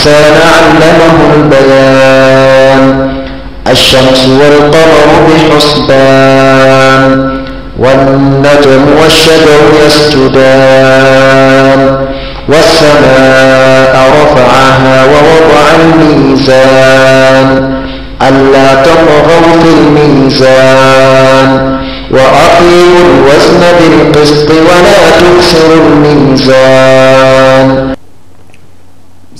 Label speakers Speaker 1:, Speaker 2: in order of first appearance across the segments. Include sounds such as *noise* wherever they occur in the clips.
Speaker 1: الإنسان علمه البيان الشمس والقمر بحسبان والنجم والشجر يسجدان والسماء رفعها ووضع الميزان ألا تطغوا في الميزان وأقيموا الوزن بالقسط ولا تكسروا الميزان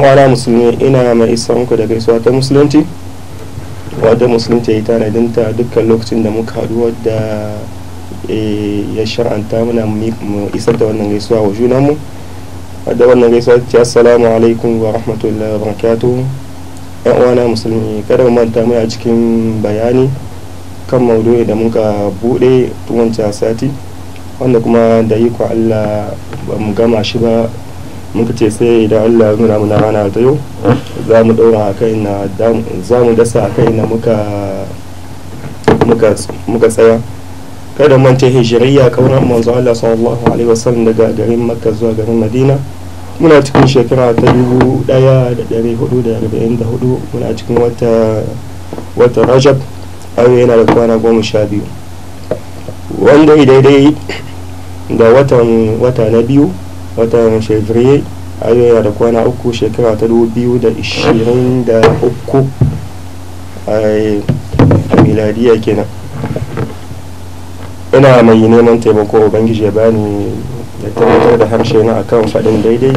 Speaker 1: yan musulmi ina mai isa muku da gaisuwa ta musulunci wadda musulunci ya yi tanadin ta dukkan lokacin da muka haɗu wadda eh, ya shar'anta muna mu isar da wannan gaisuwa wa junanmu wadda wannan gaisuwa ce assalamu alaikum wa rahmatullahi wa barakatu yan uwana musulmi kada mu manta muna cikin bayani kan maudu'i da muka buɗe tun wancan sati wanda kuma da yi Allah ba mu gama shi ba muka ce sai idan Allah ya nuna muna rana ta yau za mu daura a kai na za mu dasa a kai na muka tsaya kada man ce hijiriya kauran manzo Allah sallallahu alaihi wasallam daga garin Makka zuwa garin Madina muna cikin shekara ta dubu daya da dari hudu da arba'in da hudu muna cikin wata wata rajab aure yana da kwana goma sha biyu wanda daidai da watan wata na biyu watan fevrier ayoya da kwana uku shekara ta biyu da da 2023 a miladiya kenan ina mai neman taimako bangiji ya bani ya tabbatar da harshe na akan faɗin daidai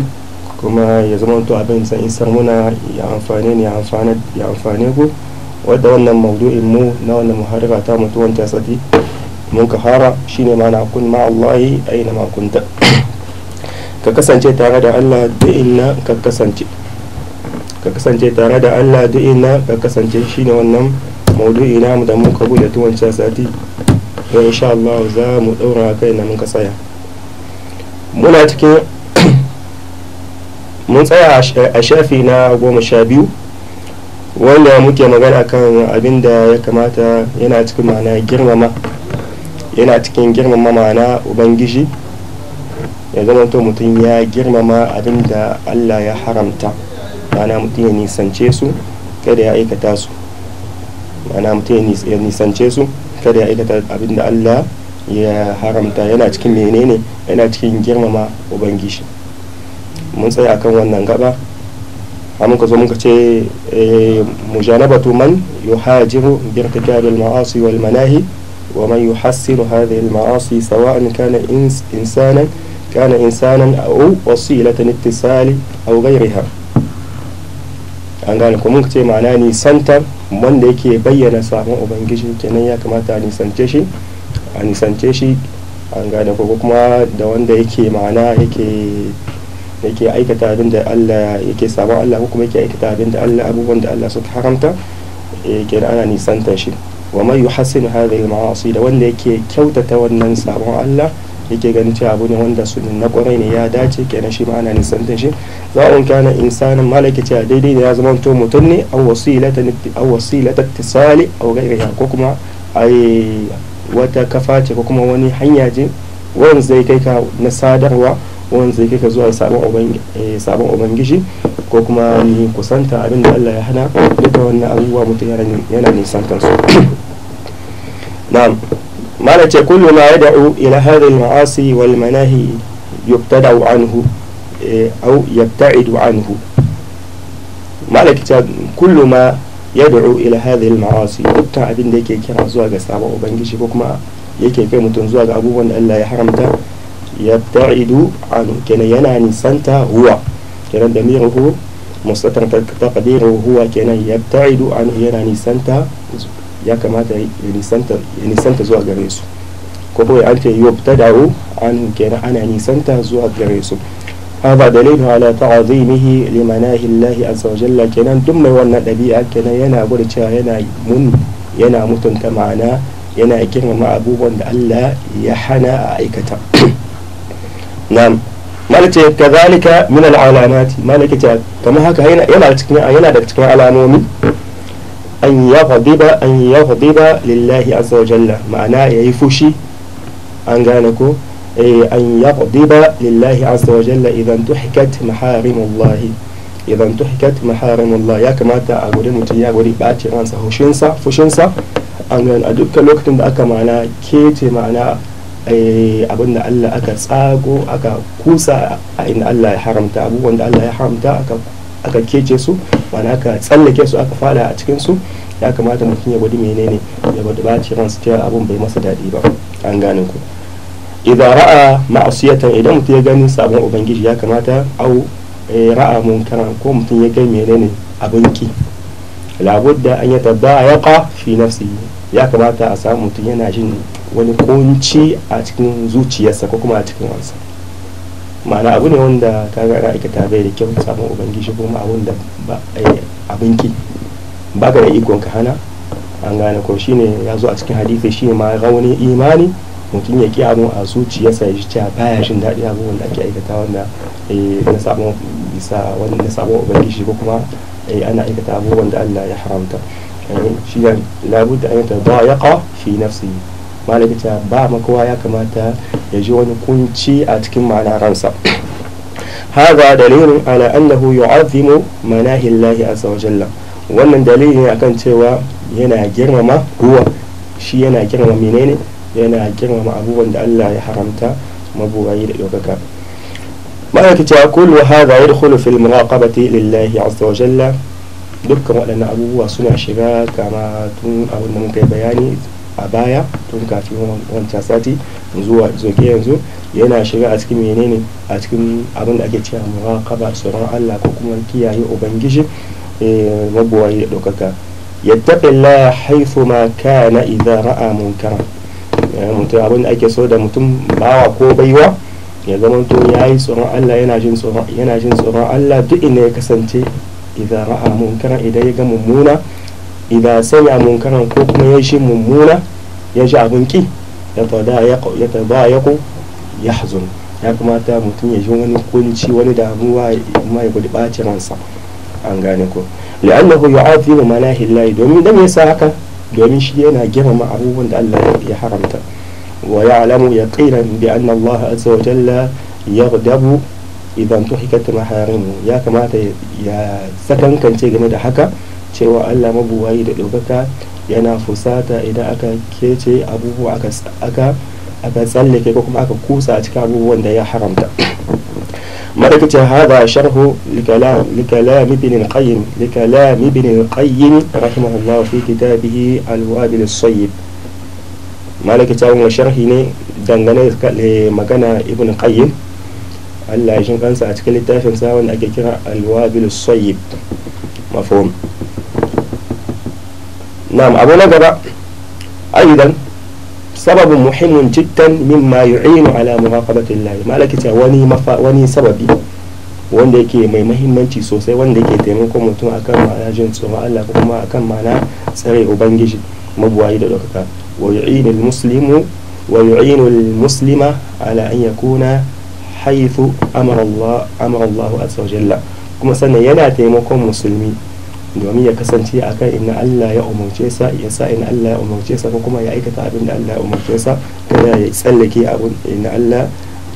Speaker 1: kuma ya zama to abin san isar muna ya amfane ne ya amfane ku wadda wannan maudu'in mu na wannan muharrata mutuwan ta sati mun ka fara shine ma na kun ma Allahi aina ma ka kasance tare da Allah da inna ka kasance ka kasance tare da Allah da inna ka kasance shine wannan maudu'i namu da muka bude tuwon sati wa insha Allah za mu daura kai na mun kasaya tsaya muna cikin *coughs* mun tsaya a shafi na goma sha biyu wanda muke magana kan abin da ya kamata yana cikin ma'ana girmama yana cikin girmama ma'ana ubangiji ya to mutum ya girmama abin da allah ya haramta mana mutum ya nisance su kada ya aikata su mana mutum ya nisance su kada ya aikata abin da allah ya haramta yana cikin menene yana cikin girmama ubangiji mun tsaya akan wannan gaba a muka zo muka ce eh, mujanabatu man yuhajiru bi irtikabi al-ma'asi wal manahi wa man yuhassiru hadhihi al-ma'asi sawa'an kana insanan كان إنسانا أو وسيلة اتصال أو غيرها an kuma ce ma'ana nisantar wanda yake bayyana sabon ubangiji kenan ya kamata a nisance shi a nisance shi kuma da wanda yake ma'ana yake yake aikata abin da Allah yake sabon Allah ko kuma yake aikata abin da Allah abubuwan da Allah suka haramta kenan ana nisantar shi wa man yuhassin hadhihi al-ma'asi da wanda yake kyautata wannan sabon Allah yake ganin cewa abu ne wanda su na kwarai ne ya dace kenan shi ma ana nisantar shi za a wanke kana insanin malaki cewa daidai da ya zama to mutum ne wasu yi aw tisali aw ghairiha ko kuma ai wata kafa ce ko kuma wani hanya ce zai kai ka na sadarwa wani zai kai ka zuwa sabon eh, ubangiji ko kuma ni kusanta abin da Allah ya hana duka wannan abubuwa mutum yana nisantar su *coughs* mana ce kullu ma ya da'u ila hadhihi al-ma'asi wal manahi yubtada'u anhu eh, aw yabta'idu anhu mana ce kullu ma ya da'u ila hadhihi al-ma'asi dukkan abin da yake kira zuwa ga sabon ubangiji ko kuma yake kai mutum zuwa ga abubuwan da Allah ya haramta yabta'idu anhu kenan yana nisanta huwa kenan da miruhu mustatar taqdiru huwa kenan yabta'idu anhu yana nisanta ya kamata ya nisanta zuwa gare su ko bai an ce yob ta dawo an kenan ana nisanta zuwa gare su haba dalilu ala ta'azimihi limanahi Allah azza wa jalla kenan duk mai wannan dabi'a kenan yana gwada cewa yana mun yana mutunta ma'ana yana girmama abubuwan da Allah ya hana a aikata *coughs* na'am malaka kazalika min al-alamati malaka kamar haka yana da cikin alamomi an fadiba an yaghdaba lillahi azza wa jalla ma'ana yayi fushi an gane ko eh, an yaghdaba lillahi azza wa jalla idan tuhkat maharimullah idan tuhkat maharimullah ya kamata a gode mutum ya gode bacin ransa hushinsa fushinsa an gane a dukkan lokacin da aka ma'ana kece ma'ana eh, abinda Allah aka tsago aka kusa a inda Allah ya haramta abubuwan da Allah ya haramta aka aka kece su wani aka tsallake su aka fada a cikin su ya kamata mutum ya gudu menene ya gudu ba ce ransu cewa abun bai masa daɗi ba an gane ku idan ra'a ma'asiyatan idan mutum ya gani sabon ubangiji ya kamata au eh, ra'a munkara ko mutum ya gani menene abin ki labudda an ya tabba ya ka fi nafsi ya kamata a samu mutum yana jin wani kunci a cikin zuciyarsa ko kuma a cikin wansa. ma'ana abu ne wanda ta ga aikata bai da kyau samun ubangiji kuma abun da eh, abinki ba ka da ikon ka hana an gane ko shine ya zo a cikin hadisi shi ma raunin imani mutum ya kiyamu a zuciyarsa ya ji cewa baya shi daɗi abubuwan wanda ake aikata wanda eh, na sabon bisa wanda na samun ubangiji ko kuma eh, ana aikata abubuwan da Allah ya haramta shi ne da ayyata yata ya yaqa fi nafsi malaka ba makowa ya kamata ya ji wani kunci a cikin ma'ana ransa dalilin دليل على أنه يعظم مناهي الله عز وجل wannan dalili ne akan cewa yana girmama ruwa shi yana girmama menene yana girmama abubuwan da Allah ya haramta mabuwayi da ɗaukaka ma'aikaci a kullu hadha yadkhulu fil muraqabati lillahi azza wa jalla dukkan waɗannan abubuwa suna shiga kama tun abin da muka yi bayani a baya tun kafin wancan sati zuwa zoke yanzu yana shiga a cikin menene a cikin abin da ake cewa kaba tsoron Allah ko kuma kiyaye ubangiji eh, mabuwayi da ɗaukaka yattaqillah haythu ma na idza ra'a munkara eh, mutum abin da ake so da mutum bawa ko baiwa ya zama to yi tsoron Allah yana jin tsoron Allah duk ina ya kasance idza ra'a munkara idan ya ga mummuna idan sanya munkaran ko kuma ya shi mummuna ya shi abin ki ya tada ya ko ya hazun ya kamata mutum ya ji wani kunci wani damuwa ma ya gudu ɓacin ransa an gane ko li'annahu yu'afi bi manahillahi domin dan yasa haka domin shi yana girmama abubuwan da Allah ya haramta wa ya'lamu yaqinan bi anna Allah azza wa jalla yaghdabu idan tuhikat maharimu ya kamata ya sakankance game da haka cewa allah mabuwayi da ɗaukaka yana fusata idan aka kece abubuwa aka aka tsallake ko kuma aka kusa a cikin abubuwan da ya haramta ملكة *clears throat* هذا sharhu لكلام لكلام ابن القيم لكلام ابن القيم رحمه الله alwabil كتابه الوابل الصيب sharhi ne dangane da magana ibn qayyim Allah ya shin kansa a cikin littafin sa wanda ake kira alwabil sayyib مفهوم نعم أبو نجبة أيضا سبب مهم جدا مما يعين على مراقبة الله مالك وني مفا وني سببي wanda yake mai mahimmanci sosai wanda yake taimakon mutum akan ma'ana jin tsoron Allah ko kuma akan ma'ana tsare ubangiji mabuwayi da ɗaukaka wa yu'inu muslimu wa yu'inu muslima ala an yakuna haythu amara Allah amara Allah azza wa jalla kuma sannan yana taimakon musulmi domin ya kasance a kan inna Allah ya umarce sa ya sa inna Allah ya umarce sa ko kuma ya aikata abin da Allah ya umarce sa kada ya tsallake abin inna Allah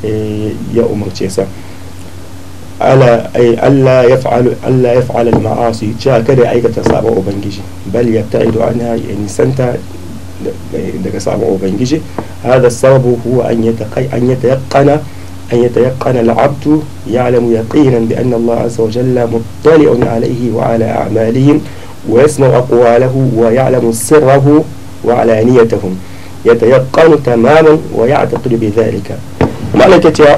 Speaker 1: eh, ya umarce sa ala ay eh, Allah ya fa'alu Allah ya fa'ala al-ma'asi cewa kada ya aikata sabon ubangiji bal yabta'idu anha ya nisanta daga sabon ubangiji hada sababu huwa an yata an yata yaqana أن يتيقن العبد يعلم يقينا بأن الله عز وجل مطلع عليه وعلى أعمالهم ويسمع أقواله ويعلم سره وعلانيتهم يتيقن تماما ويعتقد بذلك معنى كتير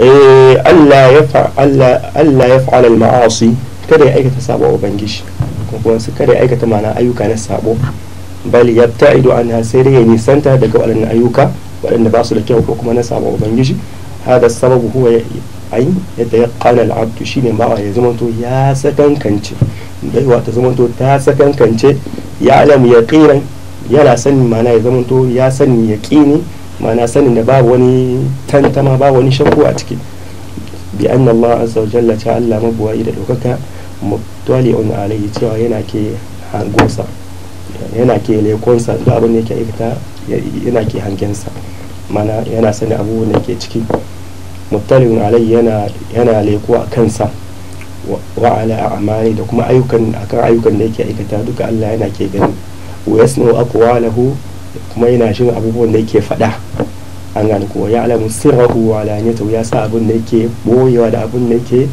Speaker 1: ألا إيه، يفعل ألا يفعل المعاصي كري أيك aikata وبنجش كري أيك تمانا أيوك ya بل يبتعد عنها na sabo bal yabta'idu anha waɗanda ba su da kyau ko kuma na saba ubangiji hada sababu huwa ai yadda ya kala al'abdu shine bawa ya zamanto ya sakankance baiwa ta zamanto ta kance ya alam yaqinan yana sanin mana ya zamanto ya sanin yaqini mana sanin da babu wani tantama ba wani shakku a ciki bi anna Allah azza wa jalla ta Allah mabuwayi da dokaka mutali'un alayhi cewa yana ke hangonsa yana ke lekonsa da abin da yake aikata yana ke hangensa mana yana sani abubuwan da ke ciki mutalin alai yana leko a kansa wa ala amali da kuma ayyukan akan ayyukan da yake aikata duka Allah yana ke gani wa yasnu aqwalahu kuma yana shin abubuwan da yake faɗa an gane ko ya alamu sirrahu wa ya sa abun da yake boyewa da abun da yake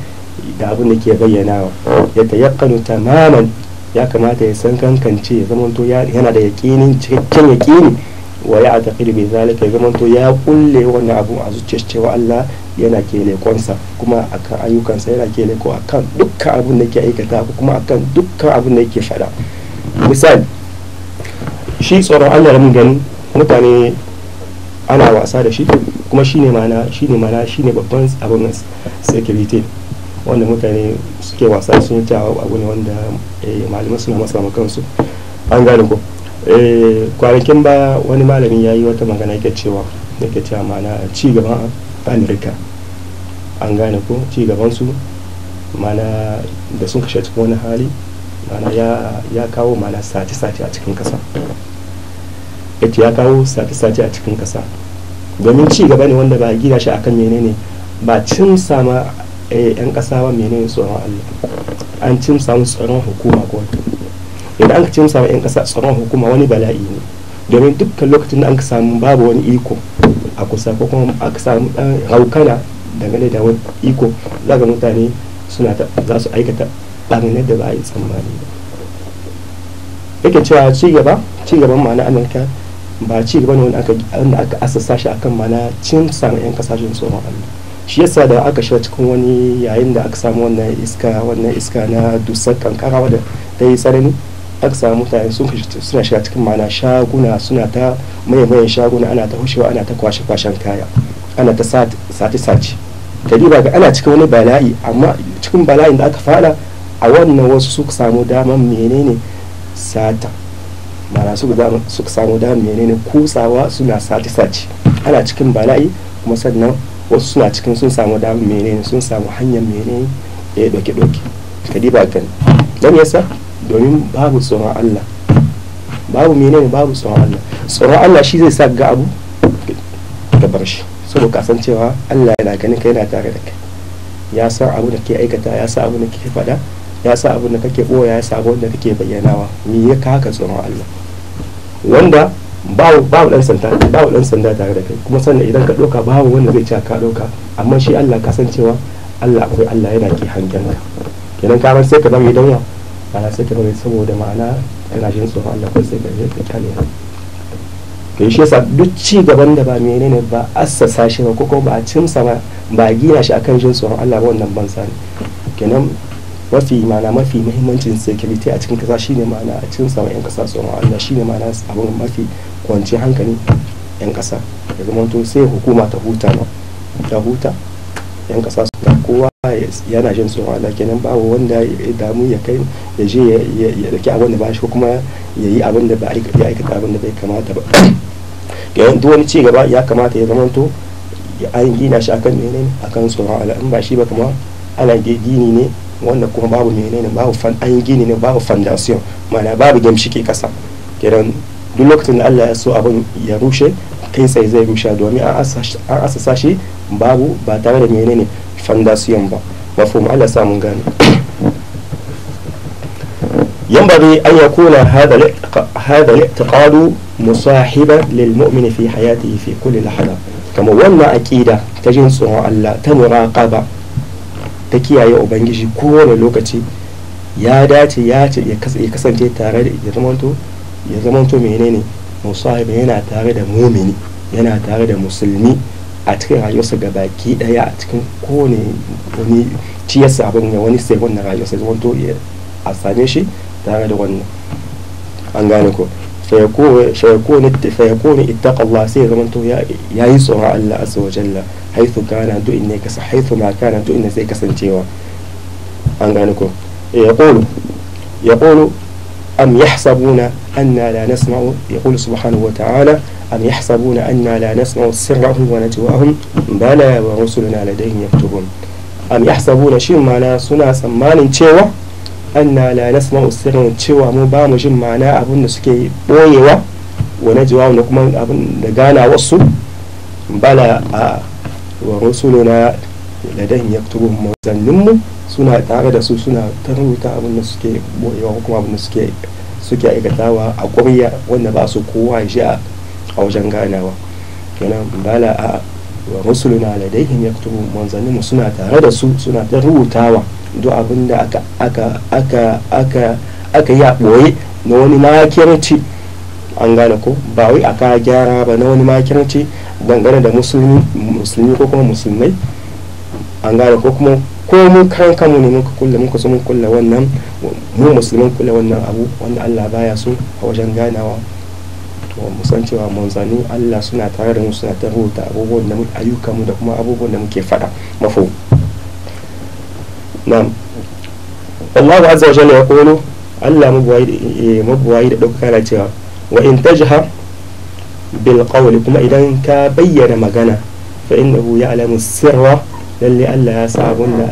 Speaker 1: da abun da ke bayyanawa ya tayaqqanu tamaman ya kamata ya san kankance ya zamanto yana da yaƙinin cikakken yaƙini wa ya taƙi bi zalika zamanto ya kulle wannan abu a zuciyar cewa Allah yana ke lekonsa kuma akan ayyukansa yana ke leko akan dukkan abin da yake aikata kuma akan dukkan abin da yake faɗa misali shi tsoron Allah mun gani mutane ana wasa da shi kuma shine mana shine mana shine babban abin security wanda mutane suke wasa sun yi ta abu ne wanda malamai suna masa kansu an gane ko Eh, kwanakin ba wani malamin ya yi wata magana yake cewa yake cewa mana ci gaban amurka an gane ko ci gaban mana da sun kashe cikin wani hali mana ya kawo mana sati-sati a cikin kasa yake ya kawo sati-sati a cikin kasa domin ci gaba ne wanda ba a gina shi akan menene ba cin sama yan eh, kasa ba menene tsoron allah an cin samun tsoron hukuma ko idan an ka ce samu 'yan ƙasa tsaron hukuma wani bala'i ne domin dukkan lokacin da an ka samu babu wani iko a kusa ko kuma aka samu haukana dangane da wani iko za ka mutane suna ta za su aikata ɓarnar da ba a yi tsammani ba yake cewa ci gaba ci gaban ma'ana amurka ba ci gaba ne wanda aka asasa shi akan ma'ana cin samun 'yan kasashen tsoron allah shi yasa da aka shiga cikin wani yayin da aka samu wannan iska wannan iska na dusar kankara wadda ta yi tsanani aka samu mutane sun suna shiga cikin ma'ana shaguna suna ta mayan shaguna ana ta hushewa ana ta kwashe-kwashen kaya ana ta sace sati ta diba ga ana cikin wani bala'i amma cikin bala'in da aka fada a wannan wasu suka samu damar menene sata mana suka samu damar menene kusawa suna sati sati ana cikin bala'i kuma sannan wasu suna cikin sun samu damar menene sun samu hanyar menene ya doke-doke ka diba gani don yasa domin babu tsoron Allah babu menene babu tsoron Allah tsoron Allah shi zai sa ga abu ka bar shi saboda ka san cewa Allah yana ganin ka yana tare da kai ya san abu da ke aikata ya san abu da ke faɗa ya san abu da kake boya ya san abu da kake bayyanawa me ya ka haka tsoron Allah wanda babu babu dan sanda babu dan sanda tare da kai kuma sannan idan ka doka babu wanda zai ci ka doka amma shi Allah ka san cewa Allah akwai Allah yana ke hangen ka kenan ka sai ka zama idan ana sake ta bari saboda ma'ana tana jin tsoron Allah ko sai ka je ka kyale shi yasa duk ci gaban da ba menene ba assasa shi ba ko kuma ba cimsa ba ba gina shi akan jin tsoron Allah ba wannan ban sani kenan mafi ma'ana mafi muhimmancin security a cikin kasa shine ma'ana a cikin sama 'yan kasa tsoron Allah shine ma'ana abin mafi kwanci hankali 'yan kasa ya zama to sai hukuma ta huta ta huta 'yan kasa su kowa yana jin tsoro da kenan babu wanda ya damu ya kai ya je ya daki abin da ba shi ko kuma ya yi abin da ba ya aikata abin da bai kamata ba yawan duk wani cigaba ya kamata ya zamanto an gina shi akan menene akan tsoron ala in ba shi ba kuma ala gini ne wanda kuma babu menene babu fan an gini ne babu foundation mana babu gamshike kasa kenan duk lokacin da Allah ya so abin ya rushe kai tsaye zai rushe domin an asasa shi babu ba tare da menene fandasu ba mafhum ala samun gane yamba dai an ya kuna hada taƙadu musahiba lilmu'mini fi hayati fi kulli lahada kama wannan aqida ta jin tsoron Allah ta muraqaba ta kiyaye ubangiji kowane lokaci ya dace ya ce ya kasance tare da ya ya zamanto menene musahiba yana tare da mumini yana tare da musulmi a cikin rayuwarsa ga baki daya a cikin kowane wani ciyarsa abin ya wani sai wannan rayuwarsa zama to a same shi tare da wannan an gane ko ne ita kalla sai zama to ya yi tsoron Allah a wa jalla haithu kana to inda kasa haithu ma kana to inda sai kasancewa an gane ko eh, ya kolo am yahsabuna anna la nasma'u yaqulu subhanahu wa ta'ala أم يحسبون أنا لا نسمع سرهم ونجواهم بلى ورسلنا لديهم يكتبون أم يحسبون شيء معنا سنا سمان cewa أنا لا نسمع سرهم cewa mu ba mu jin ma'ana abun da suke boyewa wa najwa kuma abun da gana wasu bala a wa rusuluna ladayhim yaktubun mawzannin mu suna tare da su suna ta abun da suke boyewa kuma abun da suke aikatawa a ƙurya wanda ba su kowa ya a wajen ganawa kenan bala a wa rusuluna ladaihim yaktubun manzanninmu suna tare da su suna ta rubutawa duk abin da aka aka aka aka aka yi a ɓoye na wani makirci an gane ko ba wai aka gyara ba na wani makirci dangane da musulmi ko kuma musulmai an gane ko kuma ko mu kan mu ne muka kulle muka so mun kulle wannan mu musulmin kulle wannan abu wanda Allah baya so a wajen ganawa to mu san cewa Allah suna tare da mu suna ta rubuta abubuwan da muke ayyuka mu da kuma abubuwan da muke faɗa mafo na'am Allah azza wa jalla ya kono Allah mabuwayi da eh, ɗauka na cewa wa in tajha bil qawli kuma idan ka bayyana magana fa innahu ya'lamu sirra lalle Allah ya sa abunda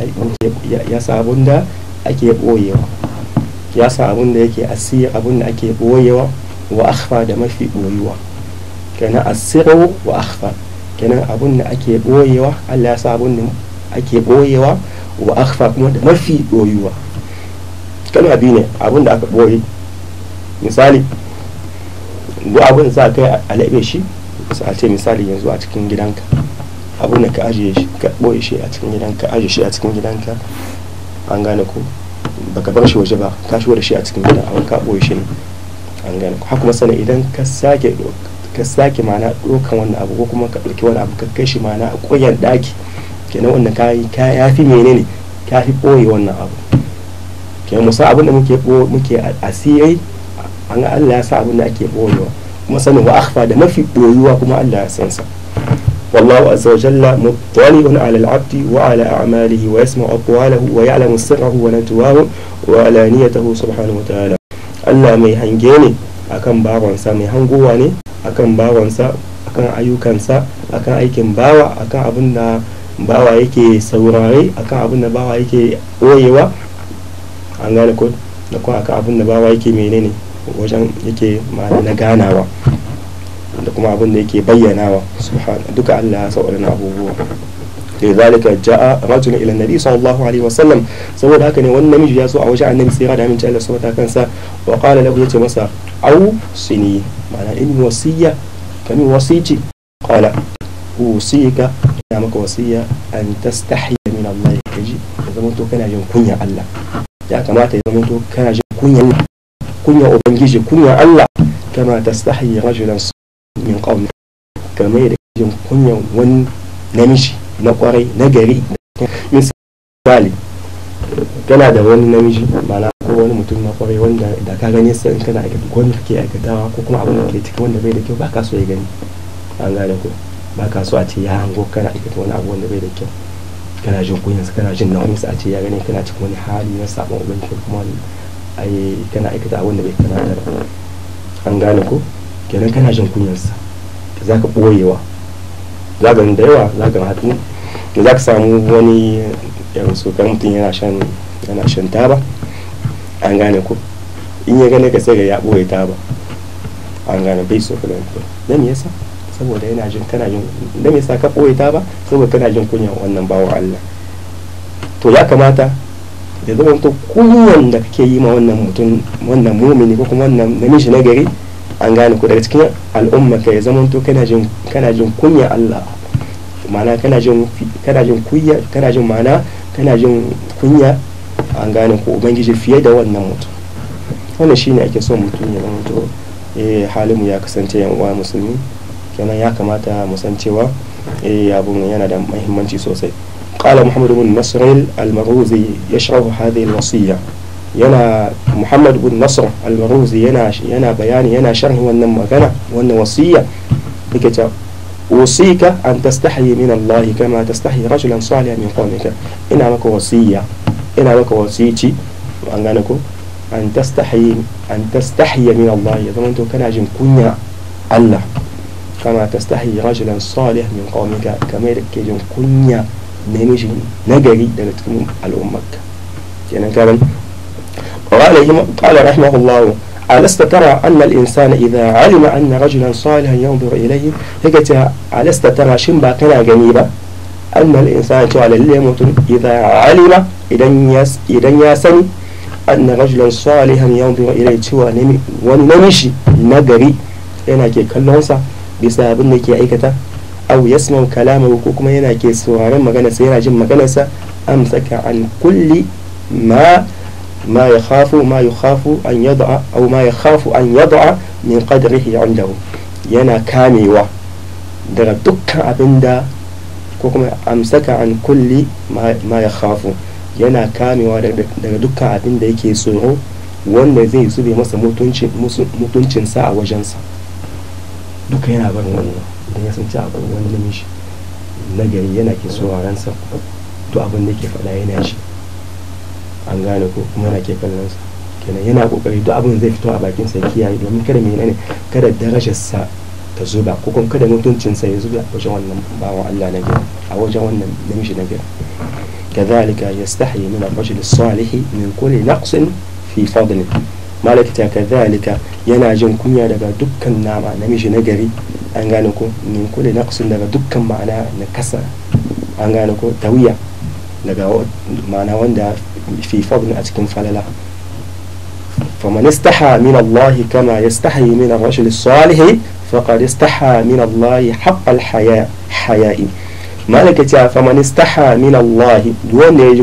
Speaker 1: ya sa da ake boyewa ya sa abun da yake asiri da ake boyewa wa akhfa da mafi boyuwa kenan asiru wa akhfa kenan abun da ake boyewa Allah ya sa abun da ake boyewa wa akhfa kuma da mafi boyuwa kana biyu ne abun da aka boye misali duk abun za kai a laɓe shi a ce misali yanzu a cikin gidanka abun da ka ajiye shi ka boye shi a cikin gidanka ajiye shi a cikin gidanka an gane ko baka bar shi waje ba ka shigo da shi a cikin gidan abun ka boye shi ne an gane ha kuma sani idan ka sake ka sake mana dokan wannan abu ko kuma ka ɗauki wani abu ka kai shi mana a koyan daki kenan wannan kai ya fi menene ka fi ɓoye wannan abu kenan musa abin da muke muke a sirai an Allah ya sa abin da ake boyewa kuma sanin wa akhfa da mafi ɓoyuwa kuma Allah ya san sa wa ala a'malihi wa yasma'u aqwalahu wa ya'lamu sirrahu wa ويعلم wa alaniyatahu subhanahu wa ta'ala allah mai hange ne akan bawansa mai hangowa ne akan bawansa akan ayyukansa akan aikin bawa akan abin da bawa yake saurare akan abin da bawa yake ɓoyewa an gane ko da kuma akan abin da bawa yake menene wajen yake ma'ana na ganawa da kuma abin da yake bayyanawa duka allah ya saurari abubuwa da lidhalika jaa rajulun ila nabi sallallahu alaihi wasallam saboda haka ne wani namiji ya zo a wajen annabi sai da aminci Allah subhanahu kansa wa qala ya yace masa au sini ma'ana in wasiya kami kala qala ka ina maka wasiya an tastahiya min Allah ya kaji da zama to kana jin kunya Allah ya kamata ya zama to kana jin kunya kunya ubangiji kunya Allah kama tastahiya rajulan min qawmi kamar da jin kunya wani namiji na kwarai na gari misali kana da wani namiji mana ko wani mutum na kwarai wanda da ka gani sai kana aiki ko wanda kake aikatawa ko kuma abin da ke ciki wanda bai da kyau ba ka so ya gani an gane ko ba ka so a ce ya hango kana aikata wani abu wanda bai da kyau kana jin kunyansa kana jin nauyinsa a ce ya gani kana cikin wani hali na sabon ubangi kuma ai kana aikata abin da bai kamata ba an gane ko kenan kana jin kunyansa za ka ɓoyewa za da yawa za ka hatu da za ka samu wani yanzu kan mutum yana shan yana shan taba an gane ku in ya gane ka sai ga ya ɓoye taba an gane bai so kula da me yasa saboda yana jin kana jin da me yasa ka ɓoye taba saboda kana jin kunya wannan bawa Allah to ya kamata da zama to kunyan da kake yi ma wannan mutum wannan mumini ko kuma wannan namiji na gari an gane ku daga cikin al'umma ka ya zama to kana jin kana jin kunya Allah ma'ana kana jin kana jin kunya kana jin ma'ana kana jin kunya an gane ko ubangiji fiye da wannan mutum wannan shine ake son mutum ya mutu eh halin mu ya kasance yan uwa musulmi kenan ya kamata mu san cewa eh abun yana da muhimmanci sosai qala muhammad ibn nasr al-maruzi yashrahu hadhihi al-wasiyya yana muhammad ibn nasr al-maruzi yana yana bayani yana sharhi wannan magana wannan wasiyya yake cewa أوصيك أن تستحي من الله كما تستحي رجلا صالحا من قومك إن عمك وصية إن عمك وصيتي أن تستحي أن تستحي من الله إذا أنت كان عجم كنيا الله كما تستحي رجلا صالح من قومك كما جم كنيا نمشي نجري دلتكم الأمك يعني كان قال رحمه الله alasta tara tara shin ba kana gani ba anna al-insana cewa lalle mutum idza alima idan ya idan ya sani anna rajulan salihan yanzuru ilayhi cewa yana ke kallon sa bisa abin da ke aikata aw yasma'u kalamahu ko kuma yana ke sauraron maganarsa yana jin maganarsa amsaka an kulli ma ما يخاف ما يخاف أن يضع أو ما يخاف أن يضع من قدره عنده ينا كاميوا daga dukkan abin da ko kuma amsaka an kulli ma ya khafu yana kamewa daga dukkan abin da yake tsoro wanda zai zube masa mutuncinsa a wajensa duka yana barin wannan idan ya sanci abin wani namishi nagari yana ke tsoron ransa to abin da ke faɗa yana shi an gane ko kuma yana ke kallon sa kenan yana kokari duk abin zai fito a bakin sa kiyaye domin kada mai ne kada darajar sa ta zuba ko kuma kada mutuncin sa ya zuba a wajen wannan bawan Allah na gida a wajen wannan namiji na gari كذلك يستحي من الرجل الصالح من كل fi fadli فضله ta kadhalika yana jin kunya daga dukkan nama namiji na gari an gane ko min kulli naqsin daga dukkan ma'ana na kasa an gane ko tawiya daga wanda fi fagun a cikin falala. fa man istaha min kama yastahi min ar-rajul as-salih fa qad istaha hayai malaka ta fa man istaha min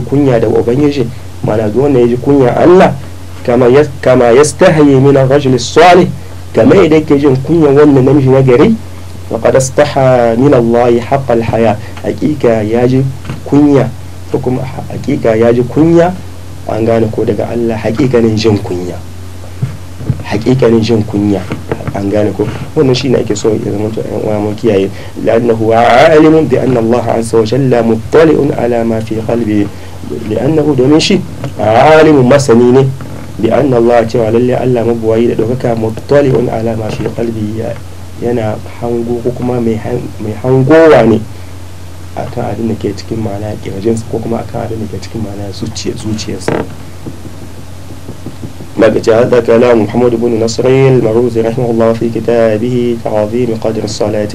Speaker 1: kunya da ubangiji malaka dole yaji kunya Allah kama kama yastahi min ar-rajul as-salih kama jin kunya wanda namiji na gari fa qad istaha min Allah haqq al kunya ko kuma hakika ya ji kunya an gane ko daga Allah hakikanin jin kunya hakikanin jin kunya an gane ko wannan shi ne ake so ya zama to ɗan uwa mun kiyaye la'annahu alimun bi anna Allah azza wa jalla muttali'un ala ma fi qalbi li'annahu domin shi alimun masani ne bi anna Allah cewa lalle Allah mabuwayi da dokaka muttali'un ala ma fi qalbi yana hango ko kuma mai hangowa ne akan abin da ke cikin mana kirjinsa ko kuma akan abin da ke cikin mana zuciya zuciyarsa daga ce hada kalamu muhammad ibn nasirin maruzi rahimahullah fi kitabih ta'zim qadr as-salat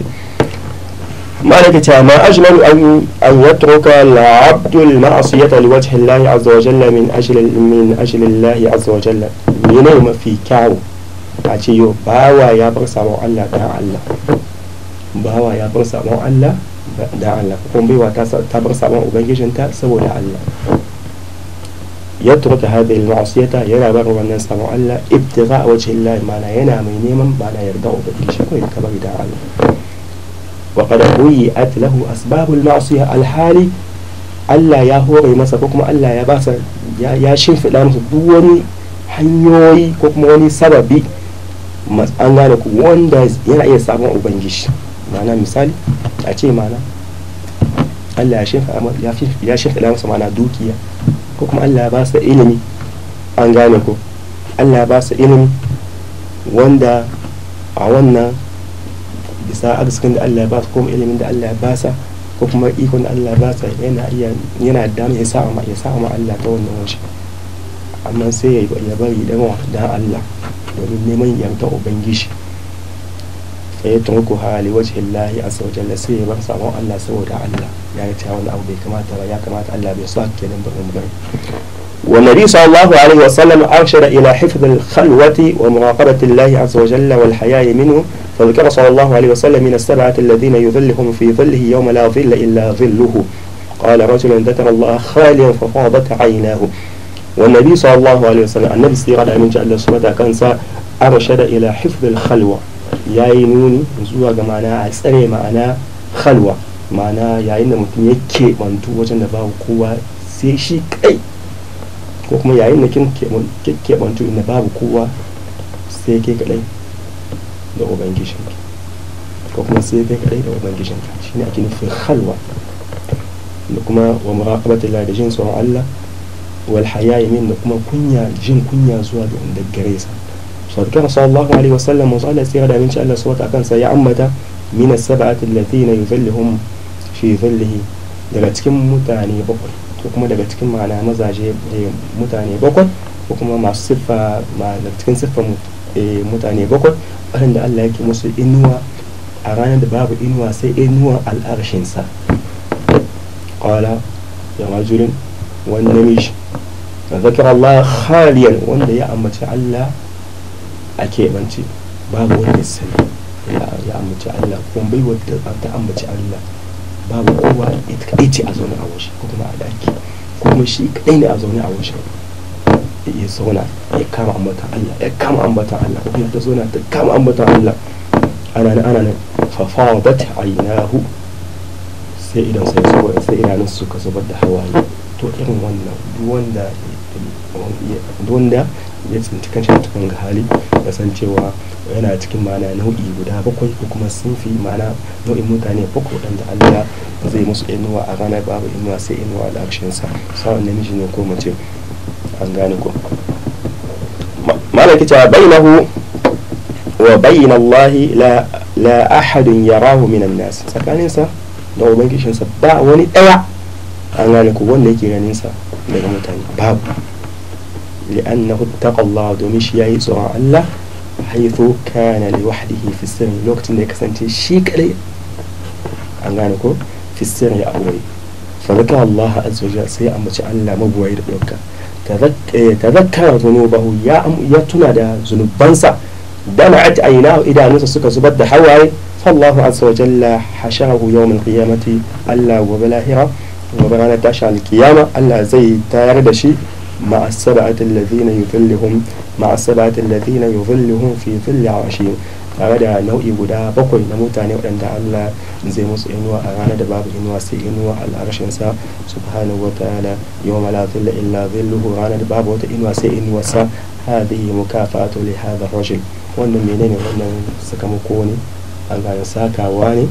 Speaker 1: مالك ما أجمل أن أن يترك العبد المعصية لوجه الله عز وجل من أجل من أجل الله عز وجل ينوم في كاو أتيو باوا يا برسا مو الله تعالى باوا يا برسا مو الله da Allah kuma baiwa ta bar sabon ubangijinta saboda Allah ya turka hadhihi al ya yana bar wannan sabon Allah a wajen Allah mana yana mai neman ba na yarda shi kawai ka bari da Allah wa qad buyi'at lahu asbabul ma'siyah al-hali Allah ya hore masa ko kuma Allah ya basa ya shimfiɗa masa duk wani hanyoyi ko kuma wani sababi an gane ku wanda yana iya sabon ubangiji ma'ana misali a ce mana Allah ya shimfiɗa masa mana dukiya ko kuma Allah ya ba su ilimi an gane ko Allah ya ba su ilimi wanda a wannan bisa arzikin da Allah ya ba su kuma ilimin da Allah ya ba sa ko kuma ikon da Allah ya ba sa yana dama ya sa ya sa Allah ta wannan waje amma sai ya bari da Allah domin neman yanta ubangiji يتركها لوجه الله عز وجل سي sai ya الله سوى Allah saboda Allah ya او بي كما ترى يا كما ترى الله بيصاك Allah bai والنبي صلى الله عليه وسلم أرشد إلى حفظ الخلوة ومراقبة الله عز وجل والحياء منه فذكر صلى الله عليه وسلم من السبعة الذين يظلهم في ظله يوم لا ظل إلا ظله قال رجل ذكر الله خاليا ففاضت عيناه والنبي صلى الله عليه وسلم النبي صلى الله عليه وسلم كان أرشد إلى حفظ الخلوة ya yi nuni zuwa ga ma'ana a tsare ma'ana halwa ma'ana yayin da mutum ya keɓantu wajen da babu kowa sai shi kai ko kuma yayin da kin keɓantu inda babu kowa sai ke kaɗai da ubangijinki ko kuma sai kai kaɗai da ubangijinka ne ake nufin halwa da kuma wa la da jin tsoron Allah wal haya yamin da kuma kunya jin kunya zuwa ga inda gare sa فذكر صلى الله عليه وسلم وصلى سيرة من شاء الله سوات أكان سيا أمتا من السبعة الذين يظلهم في ظله daga cikin mutane bakwai ko kuma daga cikin ma'ana mazaje mutane bakwai ko kuma masu siffa daga cikin siffa mutane bakwai waɗanda Allah yake musu inuwa a ranar da babu inuwa sai inuwa al'arshinsa qala ya rajulin wan namij ذكر الله خاليا وان يا امتي الله a keɓance babu wani sani ya ambaci Allah ko bai wata ta ambaci Allah babu kowa ita kaɗai ce a zaune a washe ko kuma a ɗaki kuma shi kaɗai ne a zaune a washe ya zauna ya kama ambatan Allah ya kama ambatan Allah kuma ta zauna ta kama ambatan Allah ana nan ana nan fafadat aynahu sai idan sai saboda sai idanun su ka zubar da hawaye to irin wannan duk wanda duk wanda ya tsinci shi a cikin hali ya san cewa yana cikin mana nau'i guda bakwai ko kuma sunfi ma'ana nau'in mutane bakwai waɗanda Allah ba zai musu inuwa a ranar babu inuwa sai inuwa da akshinsa sa'an namiji ne ko mace an gane ko malaki bainahu wa bayin allahi la ya rahu minan nas tsakaninsa da ubangishinsa ba wani ɗaya an gane ko wanda yake ganinsa daga mutane babu li'annahu taqallah domin shi yayi tsoron Allah haithu kana li wahdihi fi sirri lokacin da ya kasance shi kadai an gane ko fi sirri a wuri fa zaka Allah azza wa sai ambaci Allah mabuwayi da dokka tazakkara zunubahu ya ya tuna da zunubansa dama'at ayna idanunsa suka zubar da hawaye فالله عز وجل حشره يوم القيامة ألا وبلاهرة وبرانا تاشا القيامة zai زي da shi. مع السبعة الذين يظلهم مع السبعة الذين يظلهم في ظل tare da nau'i guda bakwai na mutane waɗanda Allah zai musu inuwa a ranar da babu inuwa sai inuwa harshen sa subhanahu wa ta'ala yawma la illa dhilluhu ranar da babu wata inuwa sai inuwa sa hadhihi mukafatu li hadha rajul wannan menene wannan sakamako ne an ga sakawa ne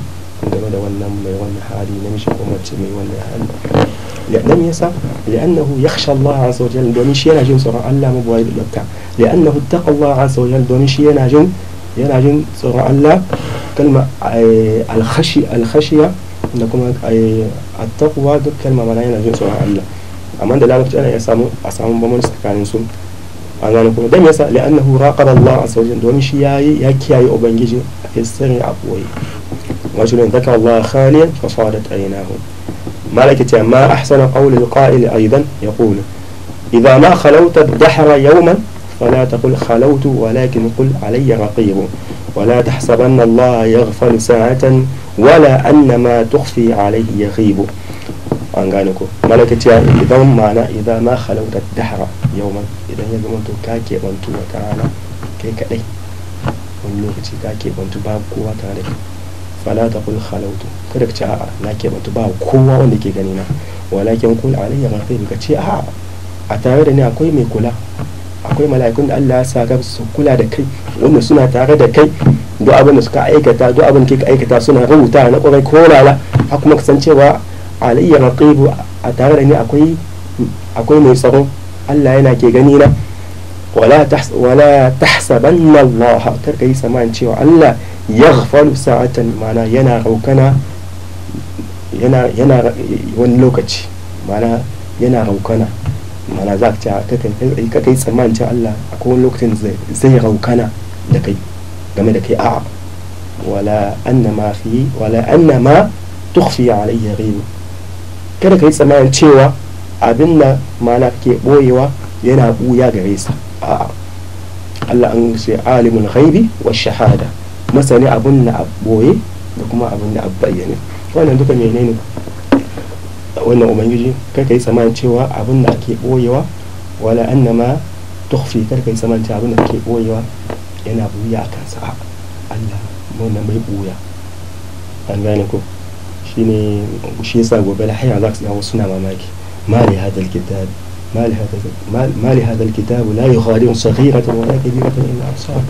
Speaker 1: game da wannan mai wannan hali mishi ko mace mai wannan hali لم يسع لأنه يخشى الله عز وجل دونيش يناجين سورة الله مبوايد المكة لأنه اتقى الله عز وجل دونيش يناجين يناجين سورة الله كلمة آه، الخشي الخشية عندكم آه، التقوى دك كلمة ما لاينا جنس الله أما عند الآن أنا يسامو أسامو بمن استكان سوم أنا نقول دم يسا لأنه راقب الله عز وجل دوني شياي يكياي أي أبنجي في السر أبوي وجل ذكر الله خاليا فصارت عيناه مالك ما أحسن قول القائل أيضا يقول إذا ما خلوت الدحر يوما فلا تقل خلوت ولكن قل علي رقيب ولا تحسبن الله يغفل ساعة ولا أن ما تخفي عليه يغيب مالك إذا ما خلوت الدحر يوما إذا يوم تكاكي وانتو وتعالى كيكا لي ونوكتي كاكي وانتو باب قوة عليك fala ta kul khalautu kada ka ce a'a na ke batu ba kowa wanda ke gani na walakin kul alayya ghafir ka ce a'a a tare da ni akwai mai kula akwai mala'ikun da Allah ya saka su kula da kai wanda suna tare da kai duk abin da suka aikata duk abin da ka aikata suna rubuta na kwarai ko lala har kuma ka san cewa alayya raqibu a tare da ni akwai akwai mai tsaro Allah yana ke gani na wala tahsabanna Allah kar ka yi saman cewa Allah yaghfalu sa'atan mana yana raukana yana yana wani lokaci mana yana raukana mana za ka ce ka kai tsammanci Allah a wani lokacin zai raukana da kai game da kai a'a wala ma fi wala annama tukhfi alayya ghaibu kada kai tsammanin cewa abin da mana kake boyewa yana buya gare sa a'a Allah an ce alimul ghaibi wa shahada masani abun da a boye da kuma abun da a bayyane wannan duka menene wannan ubangiji kar ka yi saman cewa abun da ake boyewa wala annama tukhfi kar ka yi saman cewa abun da ake boyewa yana buya a kansa Allah muna mai buya an gane ko ne shi yasa gobe da haya za su yawo suna mamaki mali li hadal kitab ما لهذا ما لهذا الكتاب لا يغادر صغيرة ولا كبيرة إلا أحصاها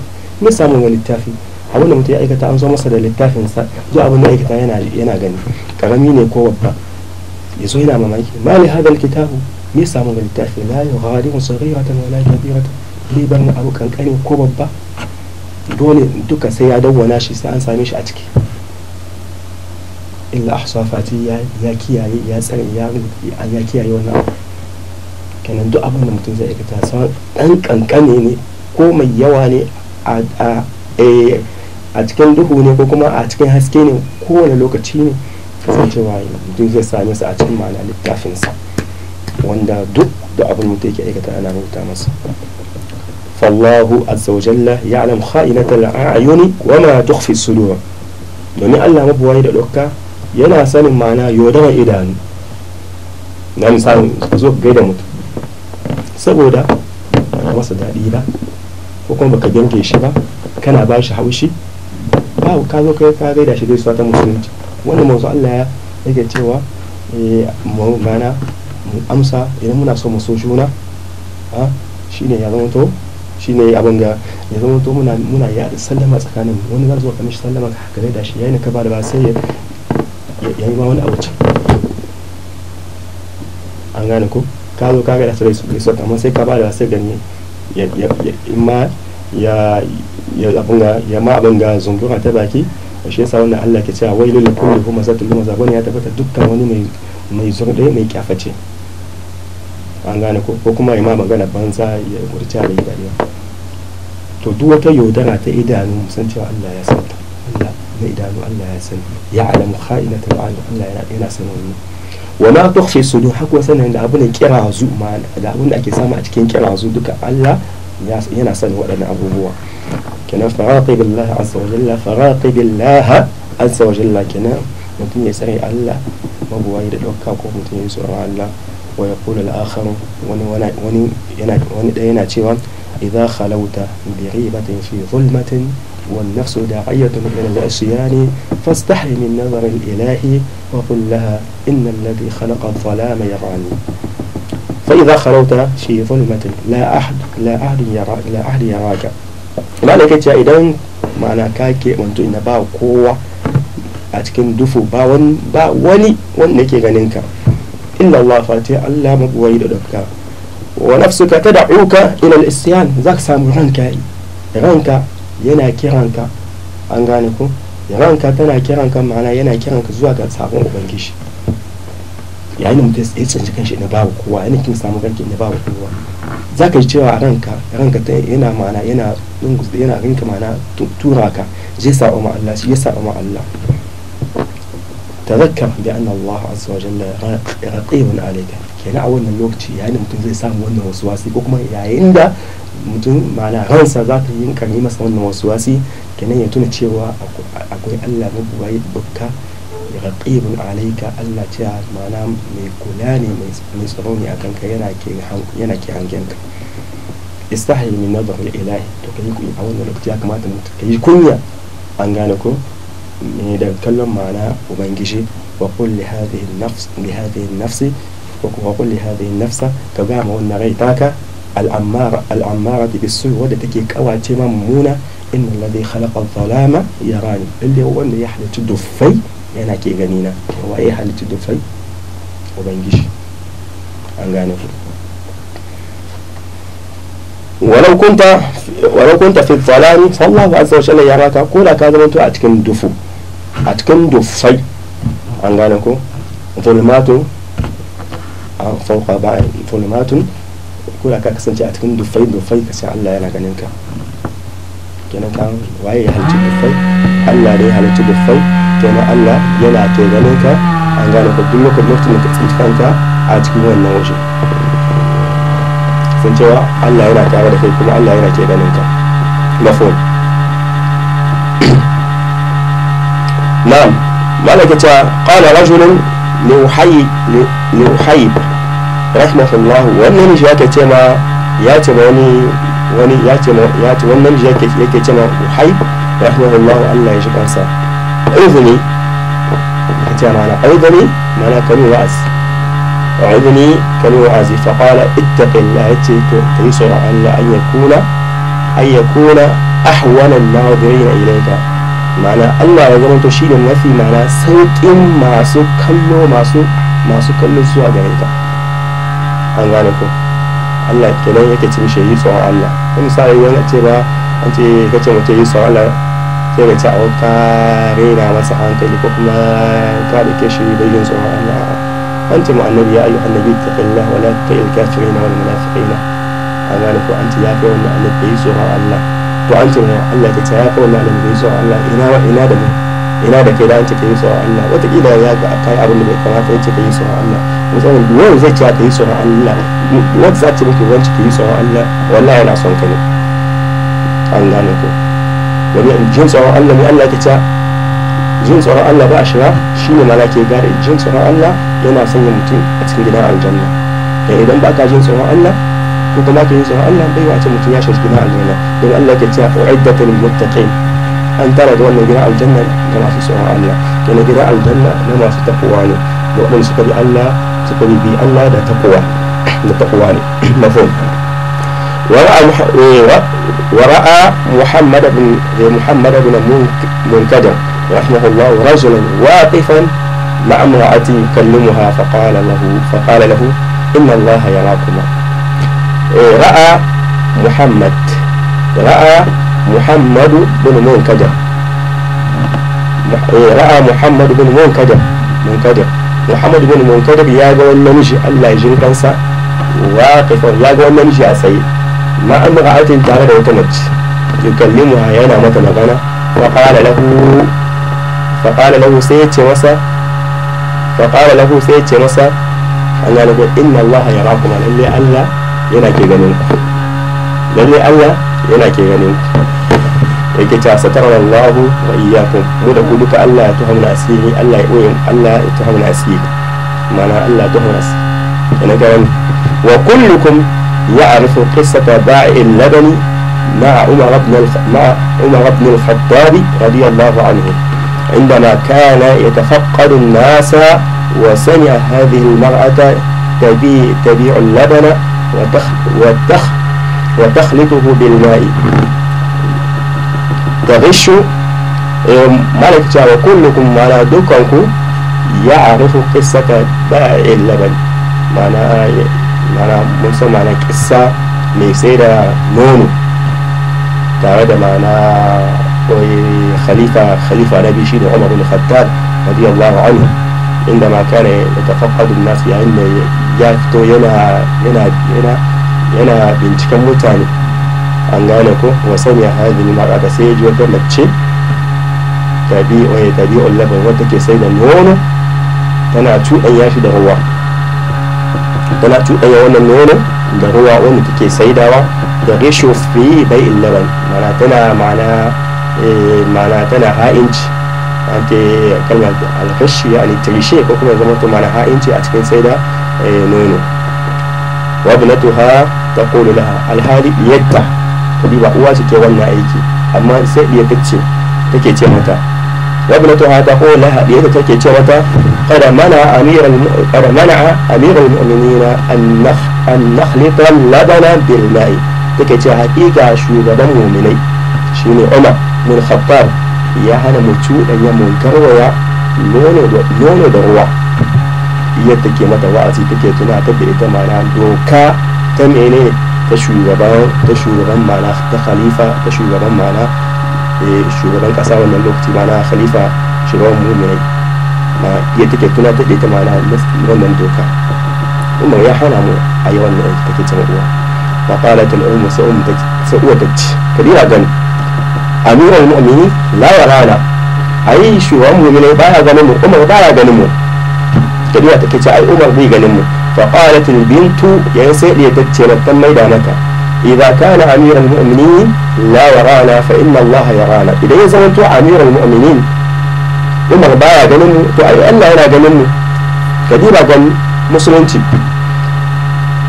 Speaker 1: نسأل من التافي abin da mutum ya aikata an zo masa da littafin sa duk abin da aikata yana yana gani karami ne ko babba ya zo yana mamaki mali hadal kitabu me samu ga littafi la yughadiru saghiratan wala ta bai bar abu kankani ko babba dole duka sai ya dawwana shi sai an same shi a ciki illa su fati ya kiyaye ya tsare ya ya kiyaye wannan abu kenan duk abin da mutum zai aikata sai dan kankane ne ko mai yawa ne a a eh, a cikin duhu ne ko kuma a cikin haske ne kowane lokaci ne kasancewa duk zai same su a cikin ma'ana littafinsa wanda duk da abin mutum yake aikata ana rubuta masa fallahu azza wa jalla ya'lam kha'inatal a'yuni wa ma tukhfi sudur domin Allah wani da dokka yana sanin ma'ana yodawa idanu na misali zo gaida mutum saboda masa daɗi ba ko kuma baka yanke shi ba kana ba shi haushi ba ka zo kai ka gaida shi gaisuwa ta musulunci wanda manzo Allah ya yake cewa eh, mu gana mu amsa idan muna so mu so juna a shine ya zama to shine abin ga ya zama to muna muna ya sallama tsakanin wani zan zo ka mishi sallama ka gaida shi yayin ka ba da ba sai ya yi ma wani abu an gane ko ka zo ka gaida su gaisuwa amma sai ka ba da ba sai gani ya ya ma ya ya ma abin ga zungura ta baki shi yasa wannan Allah ke cewa wailul kulli humazatul lumaza wani ya tabbata dukkan wani mai mai mai kyaface an gane ko ko kuma ya ma magana banza ya gurci da idaniya to duk wata yaudara ta idanu san cewa Allah ya santa Allah na idanu Allah ya sani ya alamu kha'inatul a'yun Allah yana yana sanin wannan wa ma tukhfi sudur hakwa sanan da abun kirazu ma da abun da ake samu a cikin kirazu duka Allah ينا سن ولنا أبوه كنا فراقب الله عز وجل فراقب الله عز وجل كنا متني سري الله ما هو يد لوكا كومتني سورة الله ويقول الآخر وني وني وني ينا وني دينا شيوا إذا خلوت بغيبة في ظلمة والنفس داعية إلى الأشيان فاستحي من نظر الإله وقل لها إن الذي خلق الظلام يراني فإذا خرجت في ظلمة لا أحد لا أحد يرى لا أحد idan ma'ana ka keɓanto ina ba kowa a cikin dufu ba wani wanda yake ganin ka illa Allah fati Allah mabuwai da dokka wa nafsuka tad'uka ila al-isyan zaka samu ranka ranka yana kiranka an gane ko ranka tana kiranka ma'ana yana kiranka zuwa ga sabon ubangiji yayin da mutum ya canji kanshi na babu kowa yana kin samu kanki na babu kowa za ka ji cewa a ranka ranka ta yana mana yana dungus da yana rinka mana tura ka je sa'o ma Allah shi ya sa'o ma Allah tazakkar bi anna Allah azza wa jalla raqibun alayka kenan a wannan lokaci yayin da mutum zai samu wannan wasuwasi ko kuma yayin da mutum mana ransa za ta yi yi masa wannan wasuwasi kenan ya tuna cewa akwai Allah mabuwayi bukka رقيب عليك ألا تهاد ما نام ميكولاني ميسروني أكنك ينكي هنجنك استحي من نظر الإله تكيك يعون لك تياك ما تموت كي كنيا أنغانكو ميدا كلم ما نام وبنجيشي وقل لهذه النفس لهذه النفس وقل لهذه النفس تقام هون غيتاك الأمارة الأمارة بالسوء ودتك كواتي ممونة إن الذي خلق الظلام يراني اللي هو اللي يحدث دفي yana ke gani na ya halittu da fai ubangiji an gane ku walau kunta walau falani sallah ba sallahu azza wa jalla yaraka ko da ka zama a cikin dufu a cikin dufai an gane ku zulmatun an fauka ba zulmatun ko da ka kasance a cikin dufai dufai ka sai Allah yana ganin ka kenan kan waye ya halitta dufai Allah ne ya halitta dufai kenan Allah yana ke ganin ka an gane ka duk lokacin lokacin da ka tsinci kanka a cikin wannan waje sun cewa Allah yana tare da kai kuma Allah yana ke ganin ka mafhum na'am malaka ta qala rajulun li uhayy li uhayy rahmatullah wannan shi yake ce ma ya ce wani wani ya ce ya ce wannan shi yake yake ce ma uhayy rahmatullah Allah ya shi kansa uzuni ka ce mana uzuni mana ka nuna wa'azi uzuni ka nuna wa'azi fa qala ittaqillah يكون to يكون tsoron الناظرين an معنى الله yakuna ahwana شيء ما في معنى Allah ya zama to shine mafi ma'ana sauƙin masu kallo masu masu kallo zuwa gare an gane ko Allah kenan yake cin shi yi Allah in sai wani ce ba an ce kace mutai yi Allah sai ga ci a wanka rera masa hankali ko kuma ka da ke shi da yin tsoron Allah hantar annabi ya ayyu annabi taqillah wala wani mana wal munafiqina a gane ko an ci ya kai wannan annabi yi tsoron Allah to an antum ya Allah ta ce ya kai wannan annabi yi tsoron Allah ina ina da mu ina da kai da ka yi tsoron Allah wata kila ya ga a kai abin da bai kamata ka yi tsoron Allah musamman wani zai ce yi tsoron Allah wata za ta miki wani yi tsoron Allah wallahi yana son ka ne an gane ko wani jin tsoron Allah ne Allah ke ta jin tsoron Allah ba a shiga shine mana ke gare jin tsoron Allah yana sanya mutum a cikin gidan aljanna da eh, idan ba ka jin tsoron Allah ko kuma ka yi tsoron Allah bai wace mutum ya shiga gidan aljanna don Allah ke ta uiddatul muttaqin an tara da wannan gidan aljanna ga masu tsoron Allah ne gidan aljanna na masu takwa ne da waɗanda suka bi Allah suka bi Allah da takwa da takwa ne *coughs* mafhum ورأى ورأى محمد بن محمد بن منكدر رحمه الله رجلا واقفا مع امرأته يكلمها فقال له فقال له إن الله يراكما إيه، رأى محمد رأى محمد بن منكدر إيه، رأى محمد بن منكدر منكدر محمد بن منكدر يا جوال النمشي الله يجري كنسا واقفا يا جوال النمشي يا سيد ma an aikin tare da wata mace yukallimu yana mata magana wa qala lahu fa qala lahu sai ya ce masa fa qala lahu sai ya ce masa Allah lahu inna Allah yarakum lalle Allah yana ke ganin ku lalle Allah yana ke ganin ku ke ta satar Allah wa iyyakum mu da ku duka Allah ya tuhamna asiri Allah ya oyin Allah ya tuhamna asiri mana Allah ya tuhamna asiri yana ga wani wa kullukum يعرف قصة بائع اللبن مع عمر بن مع عمر بن الخطاب رضي الله عنه عندما كان يتفقد الناس وسمع هذه المرأة تبيع, تبيع اللبن وتخ وتخ وتخلطه بالماء تغش إيه، ملك جاء وكلكم على دكانكم يعرف قصة بائع اللبن معناها mana mun san mana kissa mai sai da nono tare da mana khalifa khalifa na biyu shine Umar bin Khattab radiyallahu anhu inda ma kare yatafaqadu an-nas yayin da ya fito yana yana yana yana binciken mutane an gane ko wa sanya hadhihi mar'ata sai ya ji wata mace tabi'u tabi'u labar wata ke sai da nono tana cuɗanya yashi da ruwa tana cuɗanya wannan nono da ruwa wani take saidawa da ratio fi bai illaban mana tana mana eh, mana tana ha'inci ante kalmar alkashi ya ne ko kuma zama to mana ha'inci a cikin saida eh, nono wa ta kolo laha alhali yadda ta ba uwa ce ke wannan aiki amma sai diyar ta ce take ce mata وابنتها تقول لها ليت تكي شوتا قد منع أمير الم... قد منع أمير المؤمنين أن نخ... أن نخلط اللبن بالماء تكي شا حقيقة شو غدا مؤمني شيني عمر من الخطاب يا هنا متو أن يمون كرويا nono da nono da ruwa yadda ke mata wa'azi take tunatar da ita mana doka ta menene ta shugaban ta shugaban kasa wannan lokaci ba na khalifa shugaban muminai na iya take tuna ta ita ma na wannan doka umar ya hana mu a yi wannan aiki take ce uwa ba fara ta al'umma sa umma ta sai uwa ta ci ka dira gani amirul mu'minin la a yi shugaban muminai baya ganin mu umar baya ganin mu ka dira take ce ai umar bai ganin mu fa qalat ta bintu yayin sai ɗaya ta ce na tan maida mata إذا كان أمير المؤمنين لا يرانا فإن الله يرانا إذا يزمنت أمير المؤمنين لما baya ganin to Allah yana ganin جن kadiba gan musulunci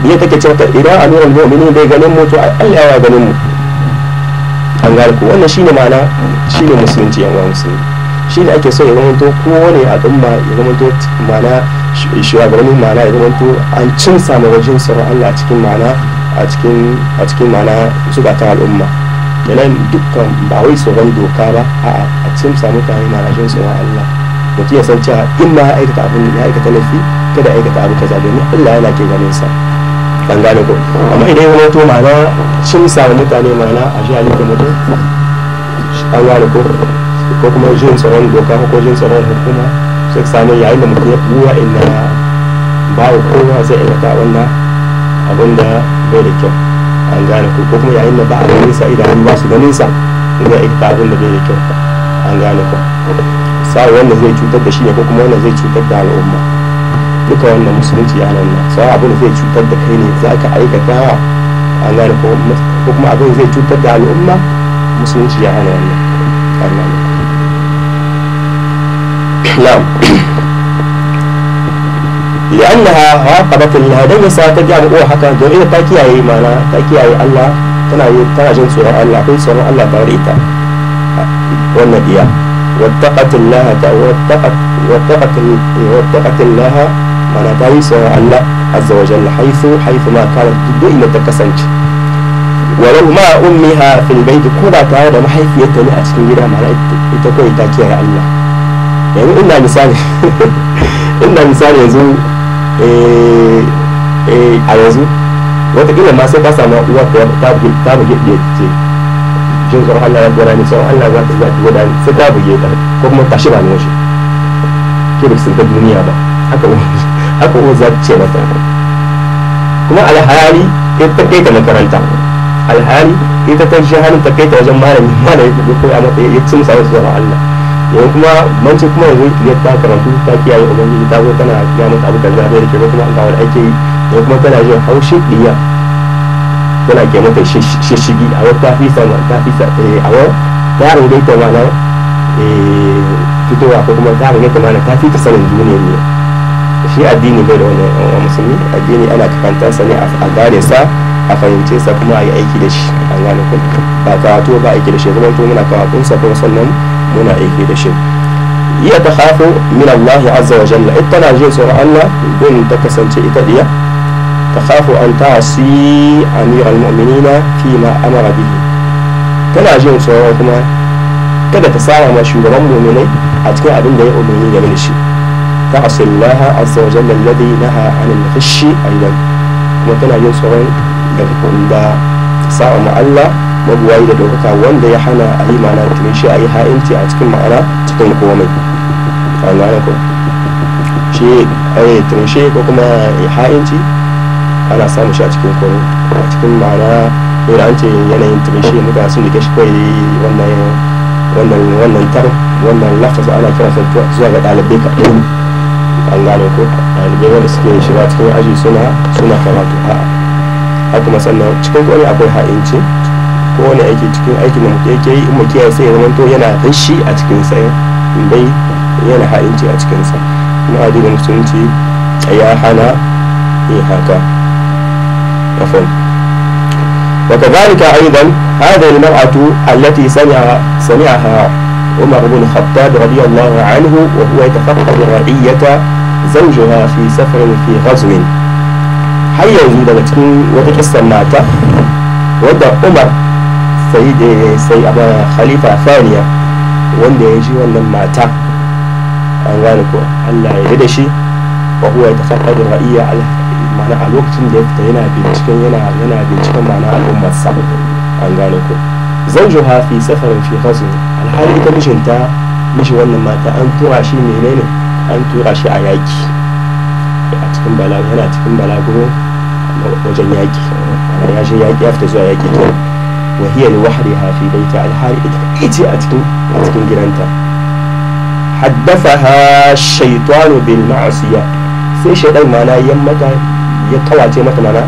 Speaker 1: ya take cewa idan amirul mu'minin bai ganin to Allah yana an gane ku wannan shine ma'ana shine musulunci yan uwan musulmi shine ake so ya zamanto kowane al'umma ya zamanto ma'ana shugabannin ma'ana ya zamanto an cin samun wajen Allah cikin ma'ana a cikin a cikin mana zukatan al'umma kenan dukkan ba wai tsoron doka ba a'a a cikin samu kayan na rashin tsoron Allah da ya san cewa in ma ya aikata abin ya aikata laifi kada ya aikata abin kaza domin Allah yana ke ganin sa an gane ko amma idan ya wato ma'ana cin samu mutane ma'ana a shi halittar mutum an gane ko ko kuma jin tsoron doka ko jin tsoron hukuma sai samun yayin da mutum ya buwa ina babu kowa zai aikata wannan abinda bai da kyau an gane ku. ko kuma yayin da ba a ganin sa idan ba su ganin sa yi aikata abin da bai da kyau an gane ku. sai wanda zai cutar da shi ne ko kuma wanda zai cutar da al'umma duka wannan musulunci ya nan sai abin da zai cutar da kai ne za ka aikata an gane ko kuma abin zai cutar da al'umma musulunci ya nan wannan na'am لأنها عاقبت الهدي ستجعل روحك جريء تاكي أي مانا تاكي أي الله تنعي تنعجن سورة الله في سورة الله بريتا والنبي واتقت الله واتقت واتقت واتقت الله مانا تاي سورة الله عز وجل حيث حيث ما كانت تدوئي متكسنج ولو ما أمها في البيت كلها تعالى ما حيث يتنع تنجرى مانا تكوي تاكي أي الله يعني إنا مثال *laughs* إنا مثال يزول Eh, eh, a yanzu watakila ma sai ka samu ta ta buge ta buge ɗiya ce jin tsoron Allah ya gwada ni tsoron Allah za ta zaki gwada ni sai ta buge ta ko kuma tashi ba ni shi ke da sun ta duniya ba haka haka uwa za ta ce mata kuma alhali ta kai ta makaranta alhali ita ta shi hannun ta kai ta wajen malami malami ko ya mata ya cimsa wasu tsoron Allah yau kuma man kuma yanzu ya ta karatu ta kiyaye ubangiji ta zo tana kiyaye masa abu kaza da ke kuma an kawar ake yi yau kuma tana jin haushin ɗiya tana ke mata shishigi a wata fisa eh, ma ta fisa a wata ta ringaita ma na eh, fitowa ko kuma ta ringaita ta mana ta fita sanin duniya ne shi addini bai da wani yan musulmi addini ana sa ne a gane sa a fahimce sa kuma a yi aiki da shi a gane ku ba karatu ba aiki da shi zama to muna karatun sa kuma sannan muna aiki da shi iya ta hafi min Allah azza wa jalla ita tana jin tsoron Allah don ta kasance ita diya ta hafi an ta si amir al-mu'minina fi ma amara bihi tana jin tsoron kuma kada ta sa ma shugaban mu'minai a cikin abin da ya umarni game da shi ta asillaha azza wa jalla alladhi naha anil kuma tana jin tsoron daga kun da ma Allah mabuwayi da ɗaukaka wanda ya hana a yi ma'ana tuni a yi ha'inci a cikin ma'ana cikin komai a gane ko shi yi tunshe ko kuma ha'inci ana samu shi a cikin komai a cikin ma'ana ko da an ce yanayin tunshe muka sun dake shi kawai wannan wannan tar wannan lafasa ana kira sa zuwa ga ɗalibai kaɗai an gane ko ɗalibai wanda suke shiga cikin aji suna suna karatu a haka kuma sannan cikin kwanin akwai ha'inci ko wani aiki cikin aikin da mutum yake yi in mutum ya sai ya zama to yana rishi a cikin sa bai yana ha'inci a cikin sa kuma addinin musulunci ya hana yin haka kafin وكذلك أيضا هذه المرأة التي سمع سمعها عمر بن الخطاب رضي الله عنه وهو يتفقد رعية زوجها في سفر في غزو har yanzu daga cikin wata kissan nata wadda umar sai da sai abin khalifa fariya wanda ya ji wannan mata an gane ko allah ya da shi wa huwa ya tafaɗa da ra'iya ma'ana a lokacin da ya fita yana binciken yana yana binciken ma'ana sa an gane ko zan jo hafi safarin fi hasu alhali ita mijinta mishi wannan mata an tura shi menene an tura shi a yaki a cikin balago yana cikin balago wajen yaki ya shi yaki ya fita zuwa yaki to wa hiya li wahriha fi baiti alhari ita ce a cikin a cikin gidanta haddathaha shaytanu bil ma'siya sai shaydan mana ya kawace mata mana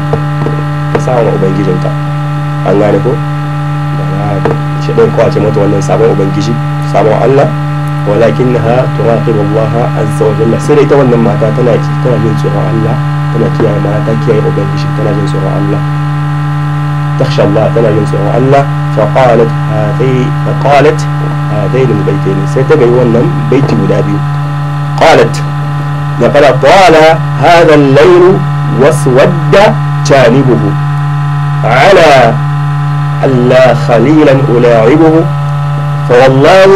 Speaker 1: ta sa wa ubangijinta an gane ko shaydan kawace mata wannan sabon ubangiji sabon Allah walakinnaha turaqibu Allah azza ha jalla sai dai ta wannan mata tana tana jin tsoron Allah tana kiyaye mata kiyaye ubangiji tana jin tsoron Allah تخشى الله فلا ينسوا Allah فقالت هذي فقالت هذين البيتين sai ونم bai wannan قالت لقد طال هذا الليل واسود جانبه على ألا خليلا ألاعبه فوالله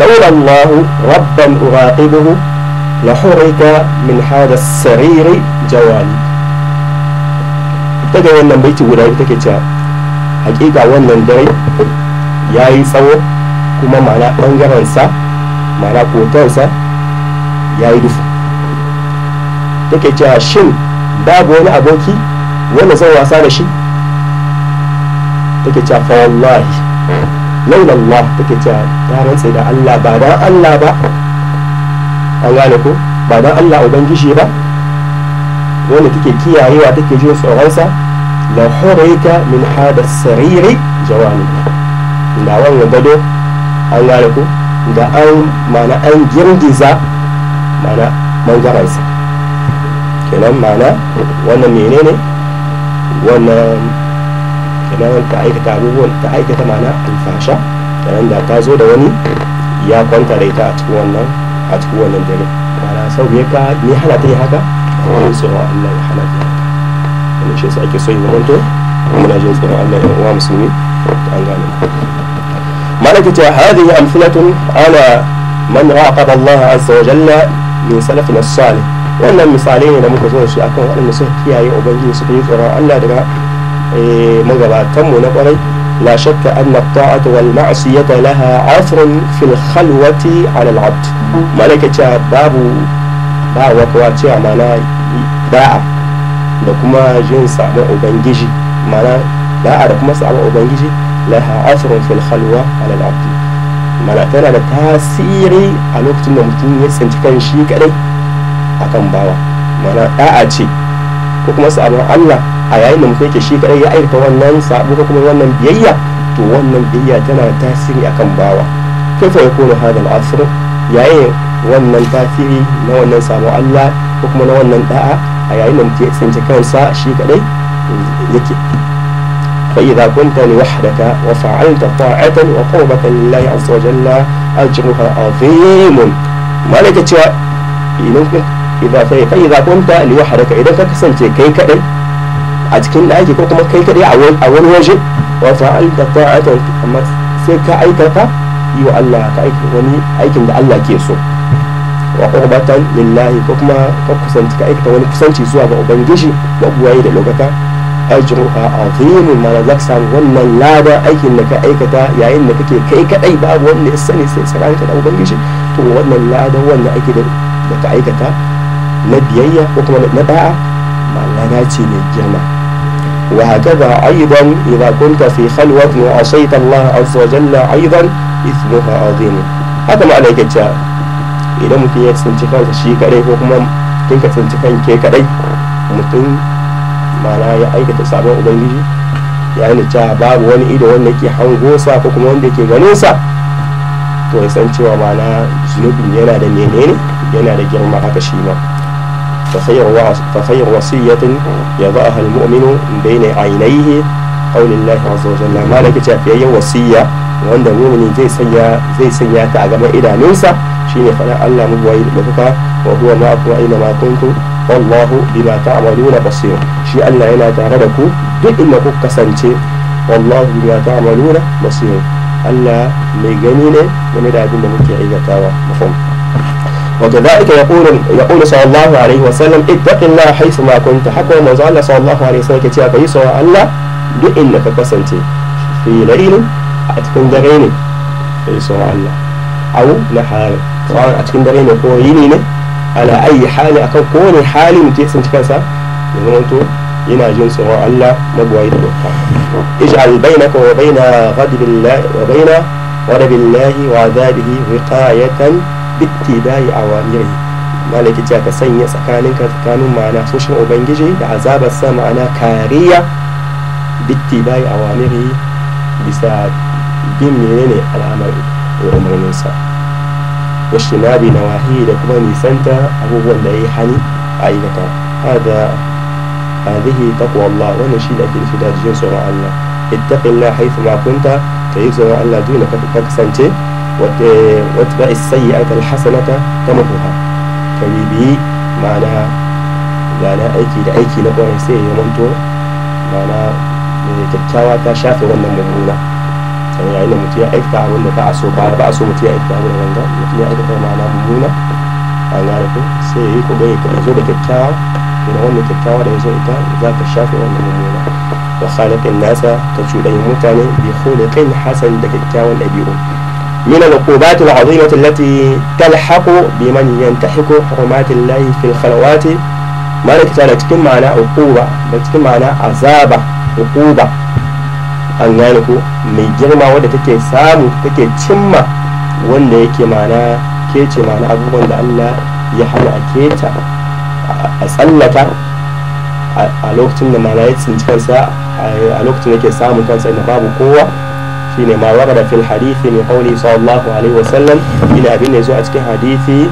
Speaker 1: لولا الله ربا أراقبه لحرك من هذا السرير جوالي تجي wannan baiti guda biyu hakika wannan dare ya yi tsawo kuma mana ɓangarensa mana kotarsa ya yi dufu take cewa shin babu wani aboki wanda zan wasa da shi take cewa fawallahi wallahi laulallah take cewa ta rantse da Allah ba don Allah ba an gane ko ba don Allah ubangiji ba wanda take kiyayewa take jin tsoronsa la khurita min hada sariri jawani da wannan gado an gane ku da an mana an girgiza mana bangaransa kenan mana wannan menene wannan kenan ta aikata abubuwan ta aikata mana alfasha kenan da ta zo da wani ya kwanta da ita a cikin wannan a cikin wannan dare mana sau ka ni hana yi haka wani tsoron Allah ya hana shi yasa ake son zamanto muna jin tsoron Allah ya uwa musulmi an gane malaka ta hadhihi amsalatun ala man aqaba Allah azza wa jalla min salafin salih wannan misalai ne da muka zo shi akan waɗanda suka kiyaye ubangiji suka yi tsoron Allah daga magabatanmu na kwarai لا شك أن الطاعة والمعصية لها عثر في الخلوة على العبد ملكة باب باع وقواتي معنا باع da kuma jin sabon ubangiji mana da'a da kuma sabon ubangiji laha asrun fil khalwa ala al mana tana da tasiri a lokacin da mutum ya tsinci kan shi kadai akan bawa mana da'a ce ko kuma sabon Allah a yayin da mutum yake shi kadai ya aika wannan sabo ko kuma wannan biyayya to wannan biyayya tana da tasiri akan bawa fa ya hadha hadal asr yayin wannan tasiri na wannan sabon Allah ko kuma na wannan da'a a yayin da mutum ya tsince kansa shi kadai yake فإذا كنت لوحدك وفعلت طاعة وقربة لله عز وجل أجرها عظيم ما تشوى إذا فإذا كنت لوحدك إذا كسنت كي كأي أتكين لأيك كنت كي كأي أول أول وجه وفعلت طاعة أما سيكا أيكا يو الله كأيك وني أيك الله كيسو wa batan lillahi ko kuma ka kusanci ka aikata wani kusanci zuwa ga ubangiji mabuwayi da lokaka a azimun ma la samu wannan lada aikin da ka aikata yayin da kake kai kadai babu wanda ya sani sai tsakaninka da ubangiji to wannan lada wannan aiki da ka aikata na biyayya ko kuma na da'a ma lada ce mai girma وهكذا أيضا إذا كنت في خلوة وعصيت الله عز وجل أيضا إثمها عظيم هذا معنى كتاب idan mutum ya tsinci kansa shi kadai ko kuma tun ka tsinci kanke kadai mutum mana ya aikata sabon ubangiji ya yi cewa babu wani ido wanda ke hango sa ko kuma wanda ke ganin sa to ya san cewa mana zunubin yana da menene yana da girma haka shi ma fasayyar wasiyyatin ya za a halmu'minu bayna ainihi kaulin lahi azza wa jalla malaka cewa fiyayyen wasiyya wanda mumini zai sanya ta a gaban idanunsa ne fara Allah mu wayi da kuka wa huwa ku aina ma kuntu wallahu bima ta'maluna basir shi Allah yana tare da ku duk inda kuka kasance wallahu bima ta'maluna basir Allah mai gani ne game da abin da muke aikatawa mafhum وكذلك يقول يقول صلى الله عليه وسلم اتق الله حيث ما كنت حكى من الله صلى الله عليه وسلم كتيا كيسو الله cikin dare ne في ليل اتكون دغيني Allah. الله او نهار sawar a cikin dare ne ko yini ne ala ayi hali akan kowane hali mutum ya tsinci kansa ya zamanto yana jin tsoron Allah magwayi da dokka ij'al bainaka wa baina ghadabillahi wa baina ghadabillahi wa adabihi wiqayatan bittibai awamirihi malaki ce ka sanya tsakaninka tsakanin ma'ana soshin ubangiji da azabar sa ma'ana kariya bittibai awamirihi bisa bin menene al'amari umarninsa wasu na bi nawahi da kuma nisanta abubuwan da ya yi hani a aikata hada hadihi taqwa Allah wannan shi da ake nufi da jin tsoron Allah ittaqillah haythu ma kunta kayi tsoron Allah dole ka kasance wata wata ta ta tamhuha ka bibi ma'ana ma'ana aiki da aiki na kwarai sai ya manto ma'ana eh, kyakkyawa ta shafe wannan mummuna yayin da mutum ya aikata abin da ba a so ba ba a so mutum ya aikata abin da ganga mutum ya aikata ma'ana mummuna an gane ko sai ya yi kokari ya zo da kyakkyawa idan wannan kyakkyawa da ya zo ita za ka shafe wannan mummuna wa khaliqin nasa ta cuɗanyi mutane bi khuliqin hasan da kyakkyawan ɗabi'u من العقوبات العظيمة التي تلحق بمن ينتحك حرمات الله في الخلوات ما لك تكون معنا عقوبة تكون معنا عذابة عقوبة an gane ko mai girma wadda take samu take cimma wanda yake mana kece mana abubuwan da Allah ya hana a keta a tsallata a lokacin da mana ya tsinci kansa a lokacin da ke samun kansa inda babu kowa shine ma warada fil hadithi min qawli sallallahu alaihi wasallam ina abin da zo a cikin hadithi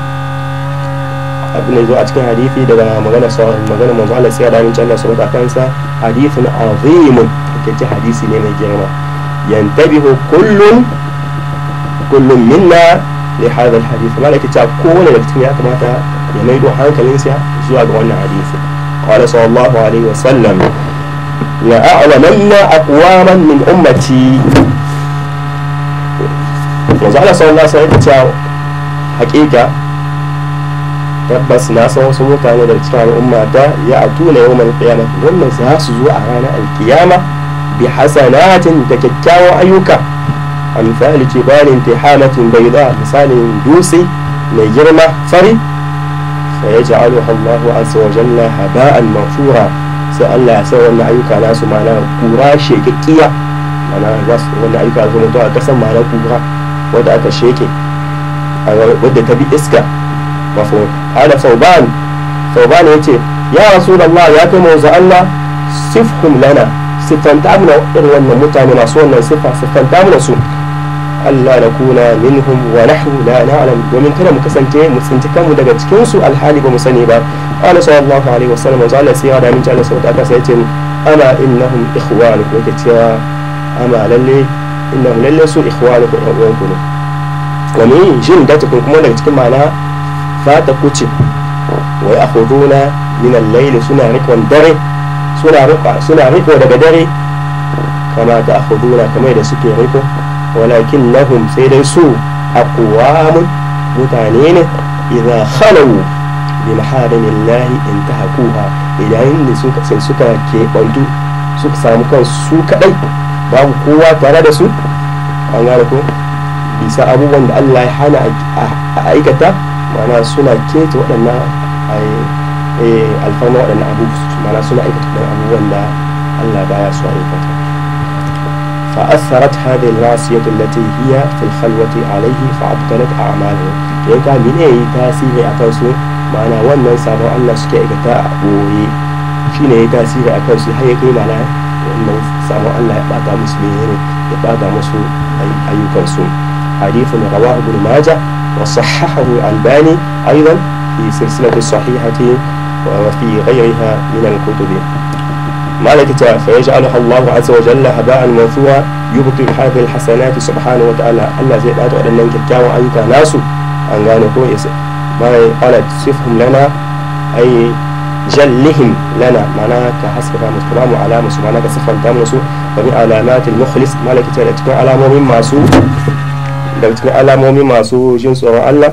Speaker 1: abin da zo a cikin hadithi daga magana magana manzo Allah sai da amince Allah subhanahu wa ta'ala hadithun azimun inganci hadisi ne mai girma yantabihu kullun kullun minna li hadha al hadith malaka ta kowane daga cikin ya kamata ya maido hankalinsa zuwa ga wannan hadisi qala sallallahu alaihi wa sallam la a'lamanna aqwaman min ummati yanzu Allah sallallahu alaihi wa sallam ya hakika tabbas na san wasu mutane da cikin al'umma ta ya atuna yawmal qiyamah wannan za su zo a ranar alkiyama bi hasanatin da kyakkyawan ayyuka amsali kibarin tihamatin bayda misalin dutse mai girma fari sai ya ji Allahu azza wa jalla haba'an mafura sai Allah ya sa wannan ayyuka nasu mana kura shekakkiya mana za su wannan ayyuka su mutu a kasan mana kura wadda aka sheke wadda ta bi iska mafhum ala sauban sauban yace ya rasulullah ya kai manzo Allah sifhum lana siffanta mana irin wannan mutane masu wannan siffa siffanta mana su Allah na kuna minhum wa nahnu la na'lam domin kada mu kasance mu tsinci kanmu daga cikin su alhali ba mu sani ba qala sallallahu alaihi wasallam wa sallam sai da min Allah sallallahu sai ce ana innahum ikhwanu ko ke cewa ama lalle innahum lalle su ikhwanu ko ɗan uwanku ne wa min jin da kuma daga cikin ma'ana fata kuce wa ya'khuduna min al-layli suna rikon dare suna riko daga dare kama ta akhuduna kamar da suke riko walakin lahum sai dai su mun mutane ne idza khalaw bi maharimillahi intahakuha idan ne suka sai suka ke bantu suka samu kan su kadai babu kowa tare da su an gane ko bisa abubuwan da Allah ya hana a aikata ma'ana suna keta waɗannan Eh, mana suna aikata abubuwan da Allah baya so aikata فأثرت هذه الراسية التي هي في الخلوة عليه فأبطلت أعماله يقع من أي تاسيري أكوسو معنى وانا سابو الله سكي إكتا أبوي أي تاسيري أكوسو هي كي معنى وانا سابو الله يبقى مسلمين يبقى مسلم أي كوسو حديث رواه ابن ماجه وصححه الألباني أيضا في سلسلة الصحيحة وفي غيرها من الكتب ما لك فيجعلها الله عز وجل هباء منثورا يبطل هذه الحسنات سبحانه وتعالى الله زي باتو أدنان كتاوا أيوكا ناسو أن قالوا كويس ما قالت صفهم لنا أي جلهم لنا معناها كحسب مسلم وعلامة سبحانه كصفة دام نسو ومن علامات المخلص ما لك تكون علامة من ماسو لو تكون علامة من ماسو جنس الله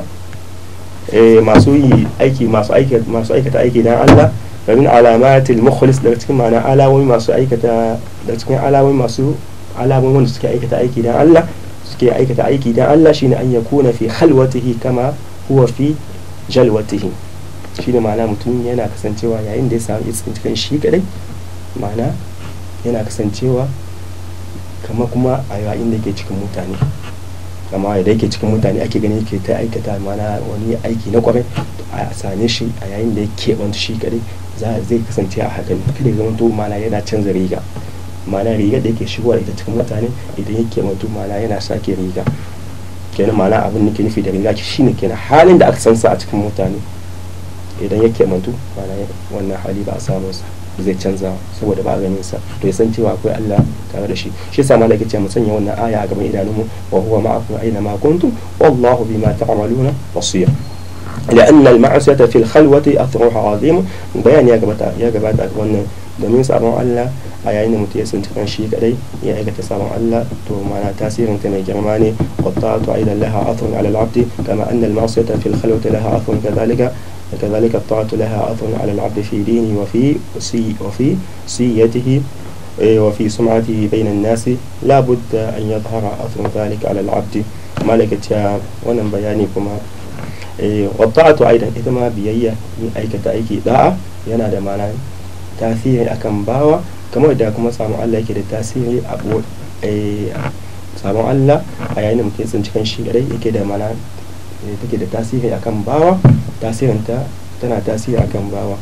Speaker 1: Eh, masu yi aiki masu aikata aiki dan Allah wa min alamatil mukhlis daga cikin ma'ana alamomi masu aikata da cikin alamomi masu alamomi wanda suke aikata aiki dan Allah suke aikata aiki dan Allah shine an yakuna fi halwatihi kama huwa fi jalwatihi shine ma'ana mutum yana kasancewa yayin da ya samu iskin cikin shi kadai ma'ana yana kasancewa kama kuma a yayin da ke cikin mutane amma da yake cikin mutane ake gani yake ta aikata mana wani aiki na kwarai a same shi a yayin da ya wanda shi kadai zai kasance a hakan kada ya zama to mana yana canza riga mana riga da yake shigowa ita cikin mutane idan ya keɓanta mana yana sake riga kenan mana abin nake nufi da riga shine kenan halin da aka san sa a cikin mutane idan ya keɓanta mana wannan hali ba a samu sa zai canza saboda ba ganin sa to ya san cewa akwai Allah tare da shi shi yasa malaka ce mu sanya wannan aya a gaban mu wa huwa ma'akum aina ma kuntum wallahu bima ta'maluna basir لأن المعصية في الخلوة أثرها عظيم بيان يا جبتا يا جبتا wannan domin sabon Allah a yayin da mutum ya tsinci kan shi kadai ya aikata sabon Allah to mana tasirin ta mai girma ne wa ta'atu aidan laha athrun ala al-abd kama anna al-ma'siyata fi khalwati laha athrun وكذلك الطاعة لها أثر على العبد في دينه وفي سي وفي سيته إيه، وفي سمعته بين الناس لا بد أن يظهر أثر ذلك على العبد مالك يا ونم بيانكما إيه، والطاعة أيضا إذا ما بيجي أيك تأيك داء ينادى معنا تأثير أكم باوا كما يدعكم سامو الله كده تأثير أبو إيه، سامو الله أيانا ممكن تكن شيء رأي كده معنا Eh, take da tasiri akan bawa tasirinta tana tasiri akan bawa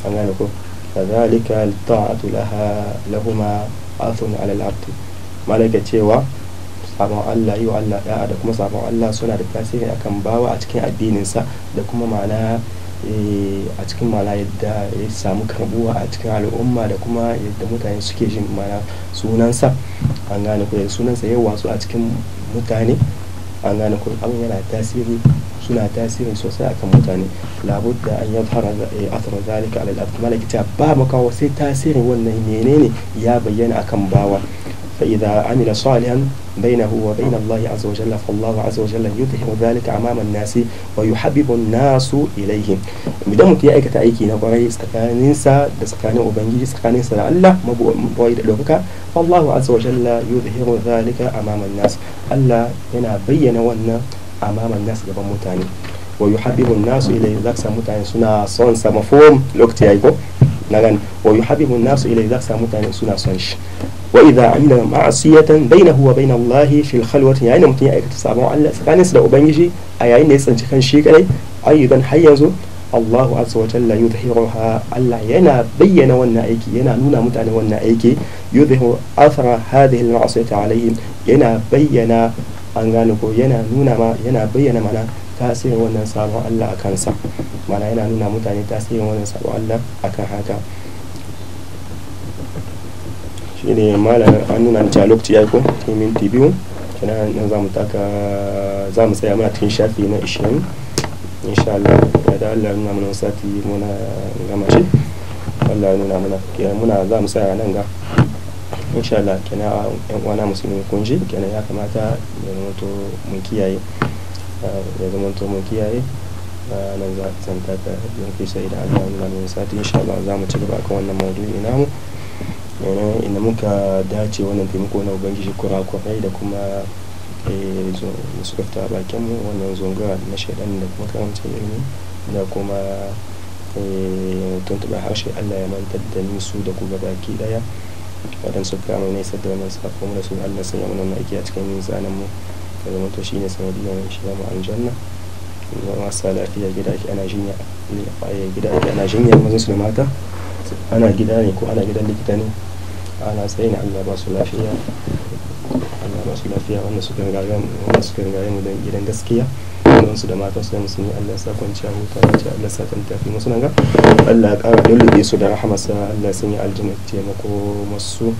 Speaker 1: an gane ko kazalika ta'atu laha lahuma athun ala al-abd malaka cewa sabon Allah yi wa Allah da'a da kuma sabon Allah suna da tasiri akan bawa a cikin addininsa da kuma ma'ana eh, a cikin mana yadda ya samu karbuwa a cikin al'umma da kuma yadda mutane suke jin mana sunansa an gane ko sunansa ya wasu a cikin mutane an gane ko yana tasiri suna tasiri sosai akan mutane labudda an ya fara eh, athara zalika alal abd ba makawa sai tasirin wannan menene ya bayyana akan bawa فإذا عمل صالحا بينه وبين الله عز وجل فالله عز وجل يظهر ذلك أمام الناس ويحبب الناس إليه idan mutum ya aikata aiki na kwarai tsakaninsa da tsakanin ubangiji tsakaninsa da Allah mabuwai da ɗaukaka Allah azza wa jalla yuzhiru zalika amaman nas Allah yana bayyana wannan amaman nas gaban mutane wa yuhabbibu an-nas ilayhi mutane suna son sa na gani wa yuhabbibu an-nasu ilayhi za mutane suna son shi wa idza amila ma'asiyatan bainahu wa bain Allah fi khalwati yayin da mutum ya aikata sabon Allah tsakaninsa da ubangiji a yayin da ya tsanci kan shi kadai don har yanzu Allahu azza wa jalla yudhiruha Allah yana bayyana wannan aiki yana nuna mutane wannan aiki yudhiru athara hadhihi al-ma'siyati alayhim yana bayyana an gane ko yana nuna ma yana bayyana mana tasirin wannan sabon Allah a kansa mana yana nuna mutane tasirin wannan sabon Allah a kan haka shi ne malamin an nuna ta lokaci ya ko min minti biyu kenan nan za mu taka za mu tsaya muna cikin shafi na 20 insha Allah ya da Allah nuna mana sati muna gama shi Allah nuna mana muna za mu tsaya nan ga insha Allah kenan yan uwana musulmi kun ji kenan ya kamata to mun kiyaye ya zama to mun kiyaye nan za ta santa ka yanke sai da Allah ya nuna sati insha Allah za mu ci gaba kan wannan maudu'i namu inda muka dace wannan taimako na ubangiji kurakurai da kuma eh, da suka fita a bakin mu wannan zonga na shaidan da kuma karamcin ilimi da kuma eh, tuntuɓa harshe Allah ya mantar da ni su da ku baki daya waɗansu suka nesa da wannan sako da su Allah sun yi mana aiki a cikin zanen mu ya zama to shine sanadiyar shiga mu aljanna sa lafiya gida ake ana jinya lafiya gida ake ana jinya mazan su da mata ana gida ne ko ana gidan likita ne ana tsayin allah ba su lafiya allah ba su lafiya wanda suka gaya wanda mu don gidan gaskiya don su da mata su da musulmi allah sa kwanciya huta wace allah sa ta tafi musu nan ga allah kara dole su da rahamasa allah sun yi aljanna taimako masu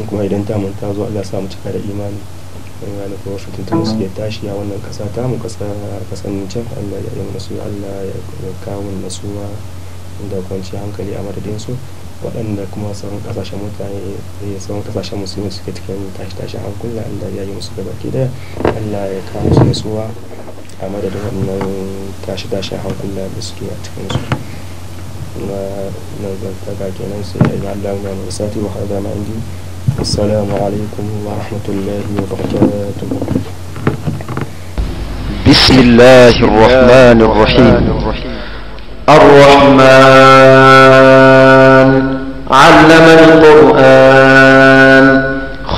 Speaker 1: kuma idan ta mun ta zo allah sa mu cika da imani in gane ko da suke tashi a wannan kasa ta mu kasa kasan can allah ya yi su allah ya kawo nasuwa da kwanci hankali a madadin su waɗanda kuma sauran kasashen mutane eh, sauran kasashen musulmi suke cikin tashi tashi hankula allah ya yi musu gabaki da allah ya kawo su nasuwa a madadin wannan tashi tashi hankula da suke a cikin su na nazarta ga kenan sai ya yi allah ya musati wa hada ma indi السلام عليكم ورحمة الله وبركاته بسم الله الرحمن الرحيم الرحمن علم القرآن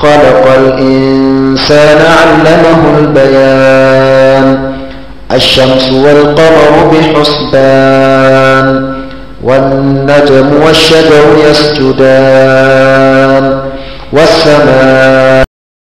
Speaker 1: خلق الإنسان علمه البيان الشمس والقمر بحسبان والنجم والشجر يسجدان والسماء